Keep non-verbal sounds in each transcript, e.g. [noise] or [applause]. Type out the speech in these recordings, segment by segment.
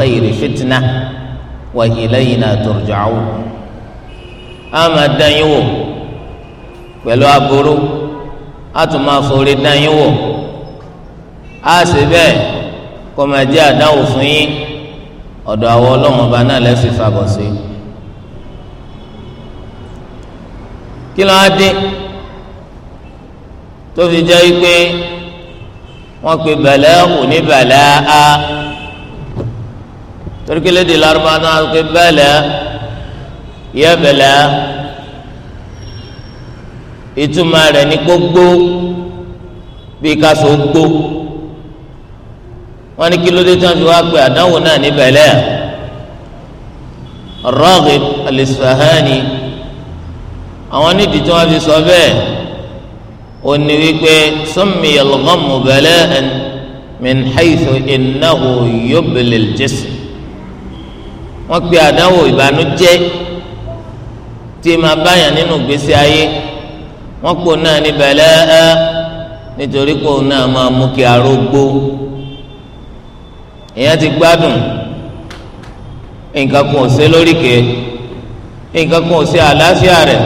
خير فتنة وإلينا ilayna أما a máa dán yín wò pẹ̀lú aburú a tún máa forí dán yín wò a sì bẹ́ẹ̀ kó máa jẹ́ àdáwò fún yín ọ̀dọ̀ àwọn ọlọ́run ọba náà lẹ́sìn fagọ̀ sí i. kí ló á dé tó fi jẹ́ pé wọ́n pe bẹ̀lẹ́ òní bẹ̀lẹ́ á torí kí lédè Lárúbá náà á pé bẹ́lẹ̀ yẹ bẹ́lẹ̀ ìtumọ̀ rẹ̀ ní gbogbo bí ká so gbó wọn ní kí lóde tí wọn fi wá pé àdánwò náà ní bẹ́lẹ̀ Raghib al àwọn nídìí tí wọn fi sọ bẹ́ẹ̀ ó wípé summiya al-ghammu bala'an min haythu innahu yubli al-jism wọ́n pe àdánwò ìbànújẹ́ tí máa báyàn nínú ìgbésí ayé wọ́n pò náà ní bẹ̀lẹ́ ẹ́ nítorí pò náà máa mú kí arógbó èèyàn ti gbádùn nǹkan kan ò sí lóríkèé nǹkan kan ò sí àlàáfíà rẹ̀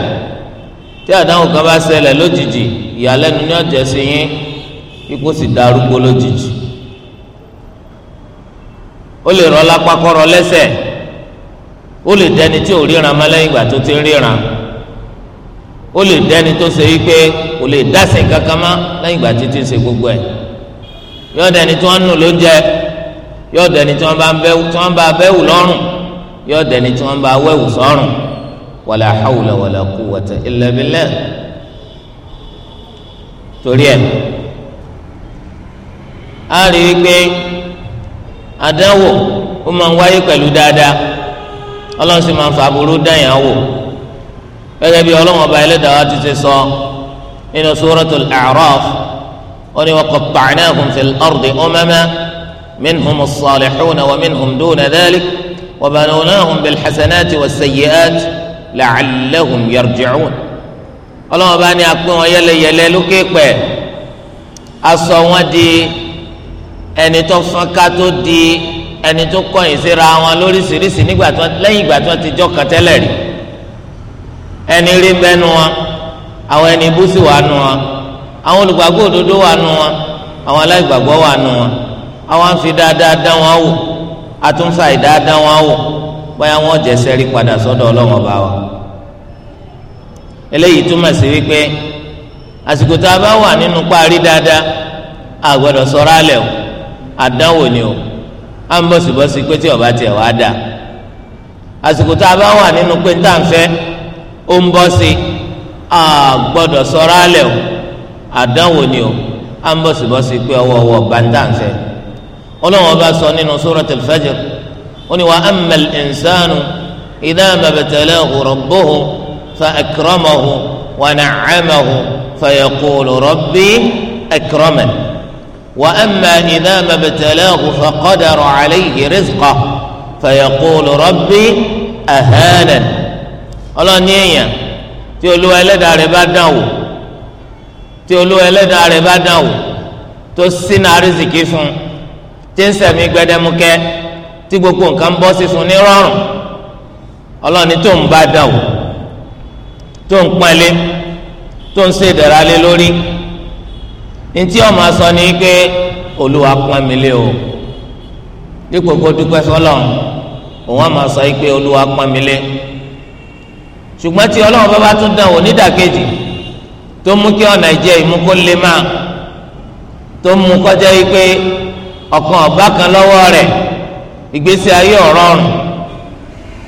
tí àdánwò kan bá ṣẹlẹ̀ lójijì ìyàlẹ́nu ní ọ̀jẹ̀ sí yín kíkó sì darúgbó lójijì ó lè rọ lápá kọ́rọ̀ lẹ́sẹ̀ ó lè dẹni tí ò ríran mọ́ lẹ́yìn ìgbà tó ti ríran ó lè dẹni tó ṣe wípé kò lè dásẹ̀ kankan mọ́ lẹ́yìn ìgbà ti ṣe gbogbo ẹ̀ yóò dẹni tí wọ́n nù ló jẹ yóò dẹni tí wọ́n bá bẹ́wù lọ́rùn yóò dẹni tí wọ́n bá wẹ̀wù sọ́rùn wàlà hàwùlà wàlà quwwata illa torí ẹ̀ a rí i pé àdánwò ó máa ń wáyé pẹ̀lú ọlọ́run sì máa ń fa aburú dáyàn wò gẹ́gẹ́ bí ọlọ́run ọba ẹlẹ́dàá ti ṣe sọ nínú suratul A'raf ó ní wa qatta'nahum fil ardi umaman minhum as-salihun wa minhum duna dhalik wa banawnahum bil hasanati was sayyi'ati la'allahum yarji'un ọlọ́run ọba ní apẹ́ wọn yẹlẹyẹlẹ lókè pẹ́ asọ wọn di ẹni tó fọ́nká tó di ẹni tó kọ̀yìn síra wọn lóríṣiríṣi nígbà tí wọn lẹ́yìn ìgbà tí wọn ti jọ kàn tẹ́lẹ̀ rí ẹni rí bẹnu wọn àwọn ẹni ibú sì wà nù wọn àwọn olùgbàgbọ́ òdodo wà nù wọn àwọn aláìgbàgbọ́ wà nù wọn àwọn ń fi dáadáa dán wọn wò àtúnfà ìdáadáa wọn wò bóyá wọn jẹsẹ rí padà sọ́dọ̀ Ọlọ́run ọba wa eléyìí túmọ̀ sí wípé àsìkò tá a bá wà nínú parí dáadáa a sọ̀rọ̀ alẹ̀ o àdánwò ni o à ń bọ̀sibọ́sí pé tí ọba tiẹ̀ wá dà àsìkò tá a bá wà nínú pé tá à ń fẹ́ ó ń bọ́ sí a gbọ́dọ̀ sọ́ra alẹ̀ o àdánwò ni o à ń bọ̀sibọ́sí pé ọwọ́ ọwọ́ bá ń tà ń fẹ́ ọlọ́run ọba sọ nínú suratul Fajr ó ní wa amma al-insanu idha mabtalahu rabbuhu fa akramahu wa na'amahu fa yaqulu rabbi akraman. وأما إذا ما ابتلاه فقدر عليه رزقه فيقول ربي أهانن ọlọ́ni èèyàn tí olúwa ẹlẹ́dàá rẹ̀ bá dàn wò tí olúwa ẹlẹ́dàá rẹ̀ bá dàn wò tó sínú àrísìkí fún tí ń sẹ̀mí gbẹdẹmukẹ tí gbogbo nǹkan bọ́ sí fún ní rọrùn ọlọ́ni tó ń bá dàn wò tó ń pọ́nlé tó ń ṣèdàrà lé lórí ntí ọmọ sọ ni pé olúwa pọ́n mi lé o dípò kó dúpẹ́ fọlọ́ òun ọmọ sọ pé olúwa pọ́n mi lé ṣùgbọ́n tí ọlọ́run bá bá tún dán wò nídàkejì tó mú kí ọ̀nà ìjẹ́ ìmú kó lè máa tó mú kọjá yìí ọ̀kan ọ̀bá kan lọ́wọ́ rẹ̀ ìgbésí ayé ọ̀rọ̀rùn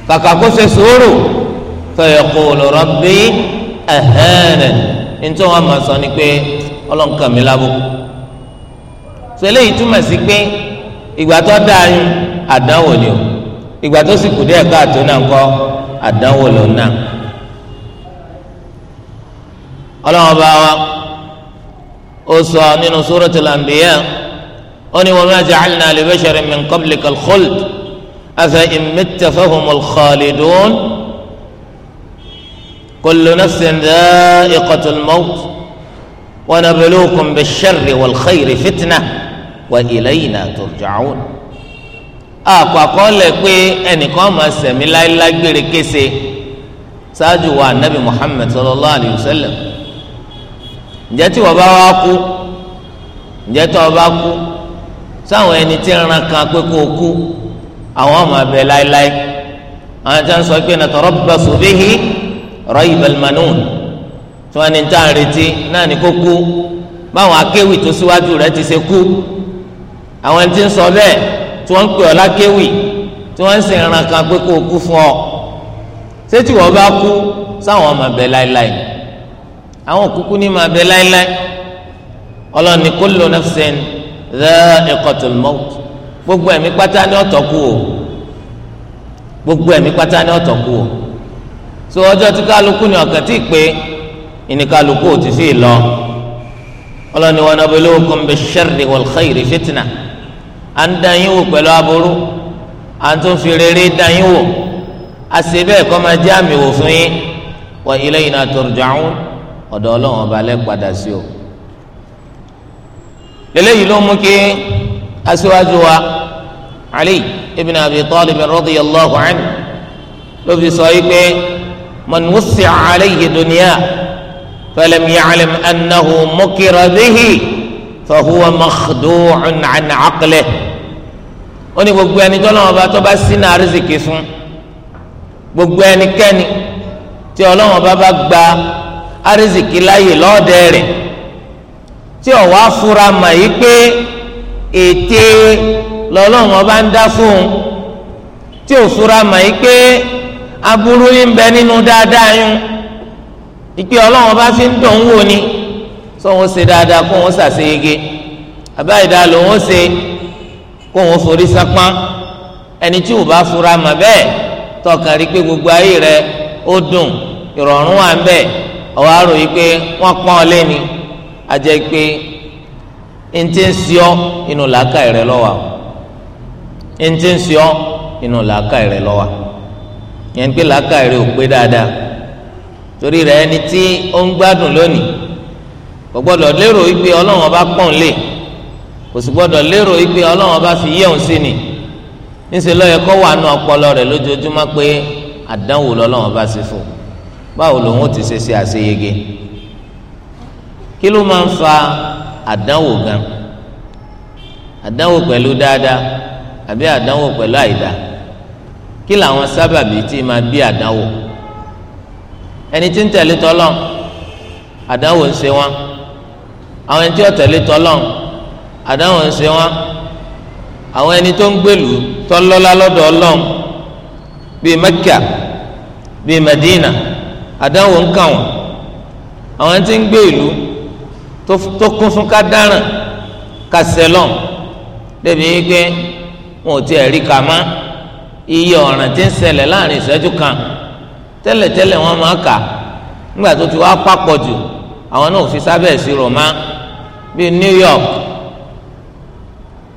kàkà kó ṣe sùúrù fa yaqulu rabbi ahana nítorí wọn máa sọ ni pé ọlọ́nkàn mi lábùkù sọlẹ́ yìí túmọ̀ sí pé ìgbà tó dáa yín àdánwò ni o ìgbà tó sì kù díẹ̀ káàtó náà kọ́ àdánwò lòun náà ọlọ́wọ́n bá wa ó sọ nínú suratul anbiya ó ní wa ma ja'alna li basharin min qablikal khuld afa in mitta fahumul khalidun kullu nafsin dha'iqatul maut. ونبلوكم بالشر والخير فتنة وإلينا ترجعون akọ akọọlẹ pé ẹnìkan máa ṣẹ̀mí láéláé gbére kése ṣáájú wa nabi muhammed sallallahu alayhi wa sallam ǹjẹ́ tí wọ́n bá wá kú ǹjẹ́ tí wọ́n sáwọn ẹni tí ń kan pé kó o kú àwọn ọmọ abẹ láéláé àwọn tí wọ́n sọ pé natarabbasu bihi raybal manun tí wọ́n ní tá à ń retí náà ní kó kú báwọn akéwì tó síwájú rẹ̀ ti ṣe kú àwọn ẹni tí ń sọ bẹ́ẹ̀ tí wọ́n ń pè ọ́ lákéwì tí wọ́n ń sìn ìran kan pé kó o kú fún ọ ṣé tí wọ́n bá kú sáwọn ọmọ bẹ láéláé àwọn òkúkú ní máa bẹ láéláé ọlọ́run ní kullu nafsin dha'iqatul maut gbogbo ẹ̀mí pátá ní ọ̀tọ̀ kú o gbogbo ẹ̀mí pátá ní ọ̀tọ̀ kú o so ọjọ́ tí kálukú ni ọ̀kàn tí ì pé ìníkàlùkù ò ti sí lọ ọlọ́ni wa nabluukum bish-sharri wal-khayri fitna à ń dán yín wò pẹ̀lú aburú à ń tún fi rere dán yín wò a sì bẹ́ẹ̀ kọ́ máa jẹ́ àmì wò fún yín wa ilayna turja'un ọ̀dọ̀ ọlọ́run ọba lẹ́ padà sí o. lélẹ́yìí ló mú kí aṣíwájú wa Ali ibn Abi Talib radiyallahu anhu ló fi sọ yìí pé man wussi'a alayhi dunya. فلم يعلم أنه مكر به فهو مخدوع عن عقله ó ní gbogbo ẹni tó lọ́wọ́ bá tó bá sí náà rìsìkì fún gbogbo ẹnikẹ́ni tí ọlọ́wọ́ bá bá gba arìsìkì láàyè lọ́ọ̀dẹ rẹ̀ tí ọ̀wá fura mà yí pé ète lọ́lọ́wọ́ bá ń dá fún tí ò fura mà yí pé aburú yín bẹ nínú dáadáa yún ìpè ọlọ́wọ́n bá fi ń dùn wò ni sọ wọn ṣe dáadáa kó wọn ṣàṣeyege àbáyédá ló wọn ṣe kó wọn forí sápán ẹni tí ò bá fura mà bẹ́ẹ̀ tọkàn rí pé gbogbo ayé rẹ ó dùn ìrọ̀rùn wà ń bẹ̀ ọ̀wá rò pé wọ́n pọ́n ọ lẹ́ni àjẹ́ pé n ti ń sọ inú làákà rẹ lọ́wọ́ n ti ń sọ inú làákà rẹ lọ́wọ́ yẹn pé làákà rẹ ò pé dáadáa torí rẹ ẹni tí ó ń gbádùn lónìí kò gbọ́dọ̀ lérò wípé Ọlọ́run ọba pọ́n lé kò sì gbọ́dọ̀ lérò wípé Ọlọ́run ọba fi yẹun sí ni níṣẹ lọyẹ kọ wà nù ọpọlọ rẹ lójoojúmọ́ pé àdánwò lọ́lọ́run ọba sì fò báwo lòun ó ti ṣe ṣe àṣeyege kí ló máa ń fa àdánwò gan àdánwò pẹ̀lú dáadáa àbí àdánwò pẹ̀lú àìdá kí làwọn sábàbí tí máa bí àdánwò ẹni tí ń tẹ̀lé tọ́lọ́n àdánwò ń ṣe wọn àwọn ẹni tí ó tẹ̀lé tọ́lọ́n àdánwò ń ṣe wọn àwọn ẹni tó ń gbèlú tọ́lọ́lá lọ́dọ̀ ọlọ́n bíi Mẹ́kà bíi Mẹ́dínà àdánwò ń kàn wọ́n àwọn ẹni tí ń gbé tó kún fún ká dáràn ká sẹlọ̀n débi wípé wọn ò tiẹ̀ rí kàmá iye ọ̀ràn tí ń ṣẹlẹ̀ láàrin ìṣẹ́jú kan tẹ́lẹ̀tẹ́lẹ̀ wọn máa kà nígbà tó ti wá papọ̀ jù àwọn náà fi sábẹ́ ìṣirò má bíi New York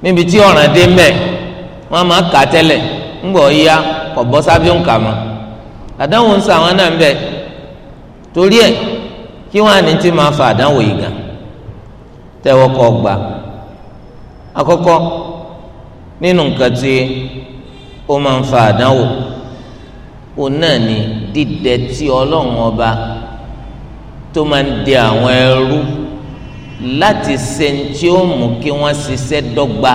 níbi tí ọ̀ràn dé wọn máa kà tẹ́lẹ̀ ńgbọ̀ ya kò bọ́ mọ́ ń sa àwọn náà torí fa yìí gan gbà nínú fa òun náà ni dídẹ tí ọlọ́run ọba tó máa ń dẹ àwọn ẹrú láti ṣe tí ó mú kí wọ́n ṣiṣẹ́ dọ́gba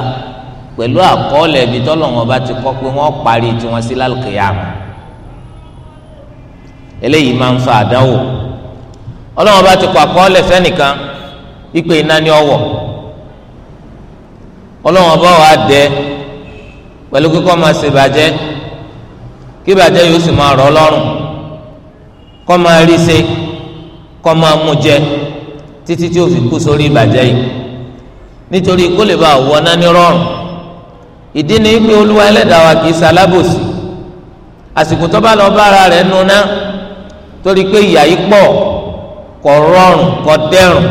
pẹ̀lú àkọọ́lẹ̀ ibi tọ́lọ́run ọba ti kọ́ pé wọ́n parí tiwọn sí lálùkìyàmù eléyìí máa ń fa àdánwò ọlọ́run ọba ti kọ́ àkọọ́lẹ̀ fẹ́nìkan ìpè iná ọwọ́ ọlọ́run ọba wà á dẹ pẹ̀lú kíkọ́ máa ṣèbàjẹ́ kí bàjẹ́ yóò sì máa rọ̀ lọ́rùn kó máa rí ṣe kó máa mú jẹ títí tí ó fi kú sórí ìbàjẹ́ yìí nítorí kó lè bá wọ náà ní rọrùn ìdí ni pé olúwa ẹlẹ́dàá wa kì í ṣe àsìkò tó bá lọ bára rẹ̀ nuná torí pé ìyà yìí pọ̀ kò rọrùn kò dẹrùn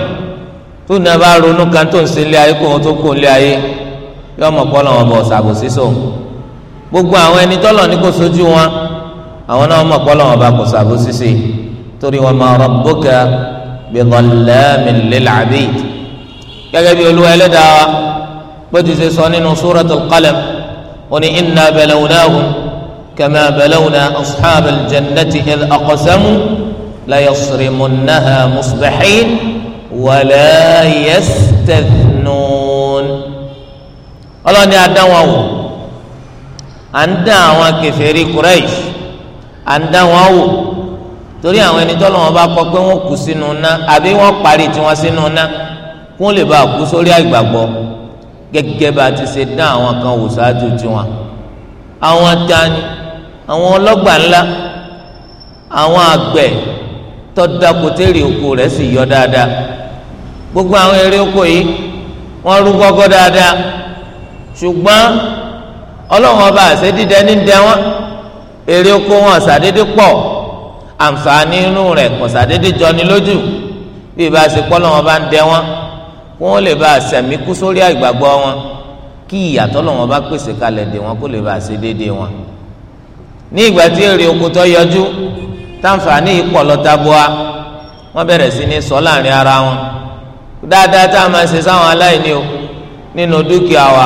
tó ní a bá ronú kan tó ń ṣe ilé ayé kó o tó kó ilé ayé yọ ọmọ pọ́ lọ́wọ́ bọ̀ ṣàbòsí sóun gbogbo àwọn ẹni tọ́lọ̀ ní kò sojú wọn àwọn náà mọ̀ pọ́lọ́ wọn bá kò sàbó síse torí wọn ma rabbuka bi dhallamin lil abid gẹ́gẹ́ bí olúwa ẹlẹ́dàá wa bó ti ṣe sọ nínú suratul qalam ó ní inna balawnahum kama balawna ashabal jannati idh aqsamu la yasrimunnaha musbihin wala yastathnun ọlọ́ni adáwọn wò à ń dán àwọn kèfèrí Quraysh à ń dán wọn wò torí àwọn ẹni tọ́lọ́ wọn bá kọ́ pé wọ́n kú sínú ná àbí wọ́n parí tiwọn sínú ná kó lè bá kú sórí àgbàgbọ́ gẹ́gẹ́ bá ti ṣe dán àwọn kan wò ṣáájú tiwọn àwọn tani àwọn ọlọ́gbà ńlá àwọn àgbẹ̀ tọ́da kòtẹ́rì oko rẹ̀ sì yọ dáadáa gbogbo àwọn eré oko yìí wọ́n rú gọ́gọ́ dáadáa ṣùgbọ́n ọlọ́run ọba àṣẹ dídẹ ní dẹ wọn èrè oko wọn ṣàdédé pọ̀ àǹfààní inú rẹ̀ kò ṣàdédé jọni lójú bí ìbá ṣe pọ́ lọ́wọ́ bá ń dẹ wọn kó wọn lè bá àṣẹmí kú sórí àgbàgbọ́ wọn kí ìyàtọ̀ lọ́wọ́ bá pèsè kalẹ̀ dé wọn kó lè bá ṣe déédéé wọn. ní ìgbà tí èrè oko tó yọjú táǹfààní ìpọ̀ lọ́tàbọ̀à wọ́n bẹ̀rẹ̀ sí ní sọ láàrin ara wọn dáadáa tá a máa ṣe sáwọn aláìní o nínú dúkìá wa.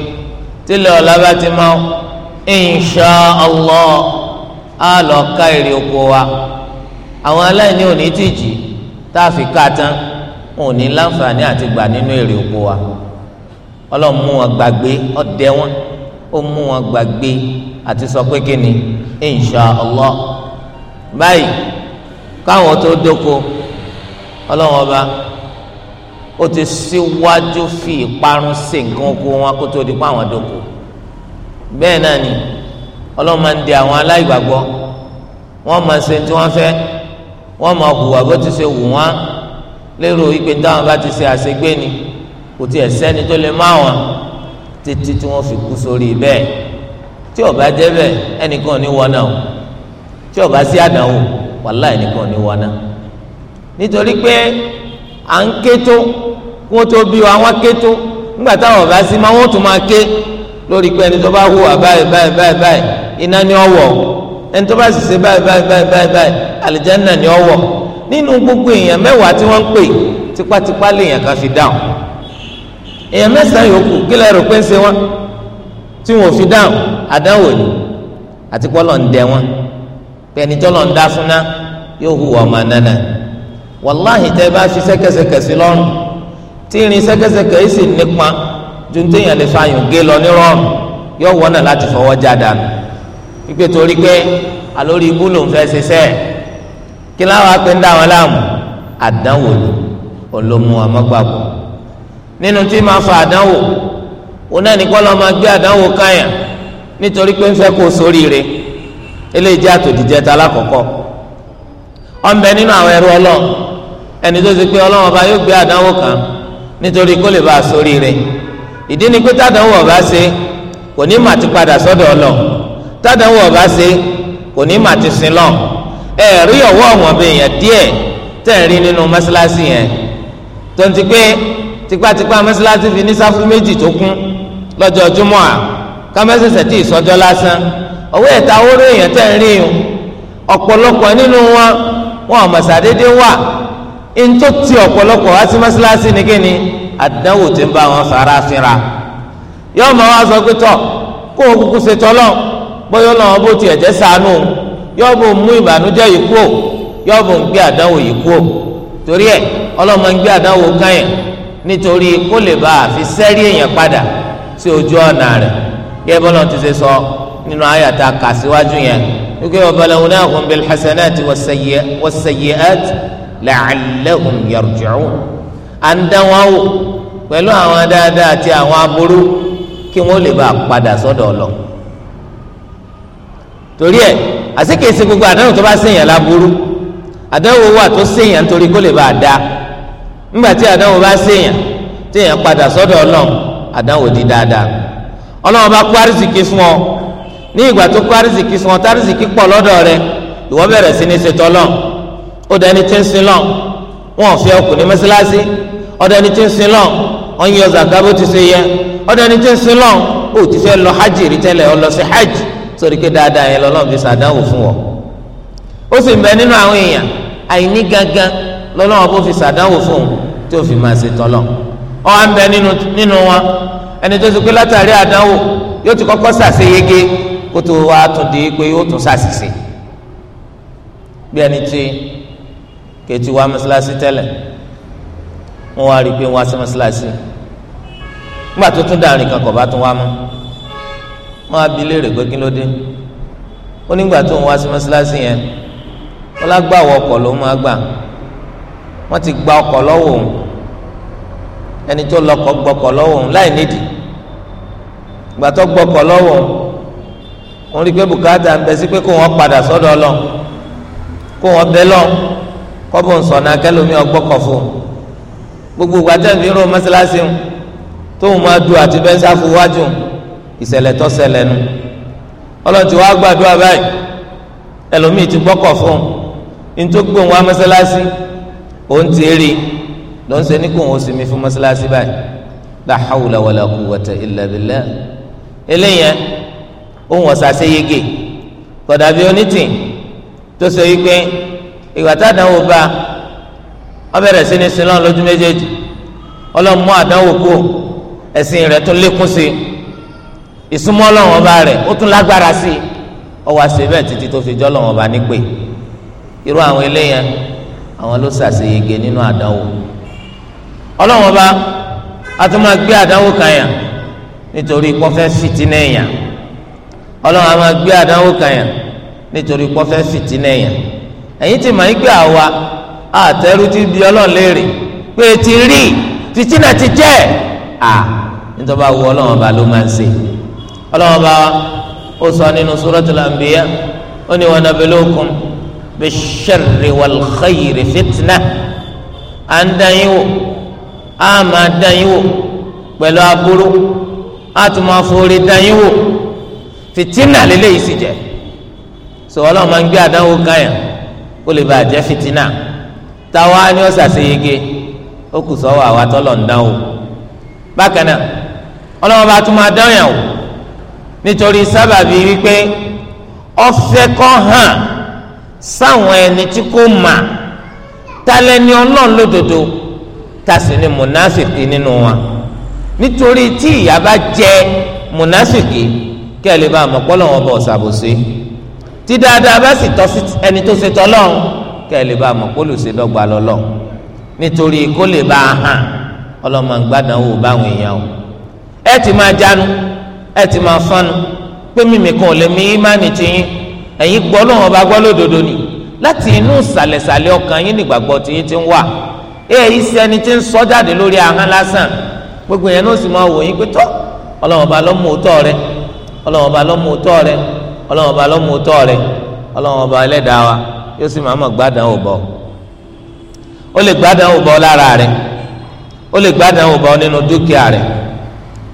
tílẹ̀ ọ̀la bá ti mọ́ insha allah á lọ ká èrè oko wa àwọn aláìní ò ní tìjì tá a fi ká tán ò ní láǹfààní àti gbà nínú èrè oko wa ọlọ́run mú wọn gbàgbé ọ̀dẹ wọn ó mú wọn gbàgbé àti sọ pé kí ni insha allah báyìí káwọn tó dóko ọlọ́run ọba ó ti síwájú fi ìparun sí nǹkan oko wọn kó tó di pa àwọn dòkò bẹ́ẹ̀ náà ni ọlọ́run máa ń di àwọn aláìgbàgbọ́ wọ́n máa ṣe tí wọ́n fẹ́ wọ́n máa hùwà bó ti ṣe wù wọ́n lérò ìpè táwọn bá ti ṣe àṣegbé ni kò tiẹ̀ sẹ́ni tó lè má wọn títí tí wọ́n fi kú sórí bẹ́ẹ̀ tí ó bá jẹ́ bẹ́ẹ̀ ẹnìkan ní wọ́n náà tí ó sí àdánwò wàhálà ẹnìkan ní wọ́n náà nítorí pé à ń ké tó. kí wọ́n tó bí wa wọ́n ké tó nígbà táwọn ọ̀gá sí máa wọ́n tún máa ké lórí pé ẹni tó bá báyìí báyìí báyìí báyìí iná ni ó wọ̀ ẹni tó bá sì ṣe báyìí báyìí báyìí báyìí àlìjáná ni ó wọ̀ nínú gbogbo èèyàn mẹ́wàá tí wọ́n ń pè tipátipá fi dáhùn èèyàn mẹ́sàn-án yòókù kí lè rò pé ń ṣe wọ́n tí irin sẹ́kẹ́sẹ́kẹ́ yìí sì nípa ju téèyàn lè fa àyùn gé lọ nírọ̀rùn yóò wọ́nà láti fọwọ́ já dànù pípé torí pé alórí ibú ló ń fẹ́ ṣiṣẹ́ kí láwọn apẹ́ ń dá wọn láàmú àdánwò ni olómú ọmọgbàgbọ́ nínú tí máa fa àdánwò òun náà ní kọ́ lọ́ọ́ máa gbé àdánwò káyà nítorí pé ń fẹ́ kó sóríire eléyìí jẹ́ àtòdìjẹ́ ta lákọ̀ọ́kọ́ ọ̀nbẹ nínú àwọn ẹrú ọlọ́ọ̀ ẹni tó ti pé ọlọ́wọ́n bá yóò gbé àdánwò kan nítorí kó lè bá a sórí rẹ̀ ìdí ni pé tádàwọ̀ ọba ṣe kò ní mà ti padà sọ́dọ̀ ọlọ tádàwọ̀ ọba ṣe kò ní mà ti sin lọ ẹ rí ọwọ́ àwọn èèyàn díẹ̀ tẹ̀ ń rí nínú mọ́ṣáláṣí yẹn tó ń ti pé tipátipá mọ́ṣáláṣí fi ní sáfù méjì tó kún lọ́jọ́ júmọ́ à kámẹ́sẹ̀sẹ̀ tí ìsọjọ́ lásán ọwọ́ ẹ̀ta owó èèyàn tẹ̀ ń rí yun nínú wọn wọn àmọ̀sàdédé wà ntó ti ọ̀pọ̀lọpọ̀ wá sí mọ́sálásí ni kí ni àdánwò ti ń bá wọn fara fínra yóò máa wá sọ pé tọ kó o kúkú ṣe tọ́lọ̀ bóyá lọ́wọ́ bó tiẹ̀ jẹ́ sànú yóò bó mú ìbànújẹ́ yìí kúò yóò bó ń gbé àdánwò yìí kúò torí ẹ ọlọ́mọ ń gbé àdánwò kan nítorí kó lè bá a fi sẹ́rí èèyàn padà sí ojú ọ̀nà rẹ̀ yẹ bọ́lá ti ṣe sọ nínú àyàtà kà yẹn wípé ọ̀bọ̀lẹ̀ la'allahum yarji'un à ń dá wọn wò pẹ̀lú àwọn dáadáa àti àwọn aburú kí wọ́n lè bá a padà sọ́dọ̀ ọ̀lọ́ torí ẹ̀ àsìkèsí gbogbo àdánù tó bá ṣèyàn láburú àdánwò wà tó ṣèyàn torí kó lè bá a dá ńgbà tí àdánwò bá ṣèyàn téèyàn padà sọ́dọ̀ ọlọ́run àdánwò di dáadáa ọlọ́run bá kó àrísìkí fún ọ ní ìgbà tó kó àrísìkí fún ọ tárísìkí pọ̀ lọ́dọ̀ rẹ ìwọ bẹ̀rẹ̀ sí ní ṣètọ́ ọlọ́run ó dẹni tí ń sin lọ wọn ò fi ọkùn ní mẹsàlásì ó dẹni tí ń sin lọ wọn yọ zaka bó ti ṣe yẹ ó dẹni tí ń sin lọ ó ti fẹ́ lọ hajj rí tẹ́lẹ̀ ó lọ sí hajj sórí pé dáadáa yẹn lọ́lọ́run fi ṣàdánwò fún ọ ó sì ń bẹ nínú àwọn èèyàn àìní gangan lọ́lọ́run bó fi ṣàdánwò fún un tí ó fi máa ṣe tọ́lọ̀ ọ à ń bẹ nínú wọn ẹni tó ti pé látàrí àdánwò yóò ti kọ́kọ́ ṣàṣeyege kó tó wàá tún di pé yóò tún ṣàṣìṣe bí ẹni tí kẹtì wá mọ́sálásí tẹ́lẹ̀ wọ́n wá rí i pé wọ́n wá sí mọ́sálásí nígbà tó tún dàrin kan kọ̀ bá tún wá mọ́ wọ́n á bi léèrè pé kí ló dé ó nígbà tó ń wá sí mọ́sálásí yẹn wọ́n lágbàwọ̀ ọkọ̀ ló máa gbà wọ́n ti gba ọkọ̀ lọ́wọ́ òun ẹni tó lọkọ̀ gbọ́kọ̀ lọ́wọ́ òun láì nídìí ìgbà tó gbọ́kọ̀ lọ́wọ́ òun wọ́n rí i pé bùkátà ń bẹ sí pé kó wọ́n padà sọ́dọ̀ Ọlọ́run kó wọ́n bẹ lọ́run kọ́bù ń sọ̀nà kẹlòmí ọgbọ́kọ̀ fún gbogbo gbàtẹ́ǹfì ń ro mọ́sálásí ń tóun máa du àti bẹ́ńsá fún wájú ìṣẹ̀lẹ̀ tó ṣẹlẹ̀ nu ọlọ́tí wàá gbàdúrà báyìí ẹlòmíì ti gbọ́kọ̀ fún un tó gbóhùn wá mọ́sálásí òun ti rí ló ń ṣe ní kóhùn oṣù mi fún mọ́sálásí báyìí la hawla wala quwwata illa billah eléyẹn òun ọ̀sà ṣe yege kọ̀dàbí onítìn tó ṣe wípé ìgbà tá àdánwò bá ọ bẹ̀rẹ̀ sí ní sinlọ́n lójú méjèèjì ọlọ́run mú àdánwò kú ẹ̀sìn rẹ̀ tún lékún sí ìsúnmọ́ ọlọ́run ọba rẹ̀ ó tún lágbára sí ó wá ṣe bẹ́ẹ̀ títí tó fi jọ́ ọlọ́run ọba nípè irú àwọn eléyẹn àwọn ló ṣàṣeyege nínú àdánwò ọlọ́run ọba a tún máa gbé àdánwò kan yàn nítorí pọ́fẹ́ fìtínà èèyàn ọlọ́run a máa gbé àdánwò kan yàn nítorí pọ́fẹ́ fìtínà èèyàn ẹ̀yin ti mọ̀ ẹgbẹ́ àwa àtẹrù ti bí ọlọ́run léèrè pé ti rí títí náà ti jẹ́ à nítorí bá wù ọlọ́run ọba ló máa ń ṣe ọlọ́run ọba ó sọ nínú suratul anbiya ó ní wa nabluukum bish-sharri wal-khayri fitna à ń dán yín wò á máa dán wò pẹ̀lú aburú á tún máa forí dán wò fìtínà lélẹ́yìí sì jẹ́ sọ ọlọ́run máa ń gbé àdánwò káyàn. So, kó lè bàa jẹ́ fìtínà táwa ni ó ṣàṣeyege ó kù sọ́wọ́ àwa tọ́lọ̀ ń dánwò bákan náà ọlọ́wọ́n bá tún máa dánwò nítorí sábàbí wípé ọ̀fẹ́ kọ́ hàn sáwọn ẹni tí kò mà tálẹ́ni ọlọ́run lódodo tàṣì ni mùnáfìkì nínú wa nítorí tí ìyà bá jẹ mùnáfìkì kí ẹ lè bá àmọ́ pọ́lọ́wọ́n bọ̀ ṣàbòsí tí dáadáa bá sì tọ́ sí ẹni tó ṣe tọ́lọ́hún kẹ́ ẹ lè bá a mọ̀ kó lè ṣe dọ́gba lọ́lọ́ nítorí kó lè bá a hàn ọlọ́mọ gbádùn wò báwọn èèyàn o ẹ ti máa jánu ẹ ti máa fánu pé mímì kan ò lè mí ìmánì tiyín ẹ̀yin gbọ́ lọ́wọ́ bá gbọ́ lódodo ni láti inú ìsàlẹ̀sàlẹ̀ ọkàn yín nígbàgbọ́ tiyín ti ń wà èyí sí ẹni tí ń sọ jáde lórí ahọ́n lásán gbogbo yẹn náà sì máa wò yín pé tọ́ ọlọ́wọ́ bá lọ́mọ òótọ́ rẹ ọlọ́wọ́ bá lọ́mọ òótọ́ rẹ ọlọ́run ọba lọ́mú tọ́ rẹ ọlọ́run ma ẹlẹ́dàá wa yóò sì máa mọ̀ gbádàn ò bọ̀ ó lè gbádàn ò bọ̀ lára rẹ ó lè gbádàn ò bọ̀ nínú dúkìá rẹ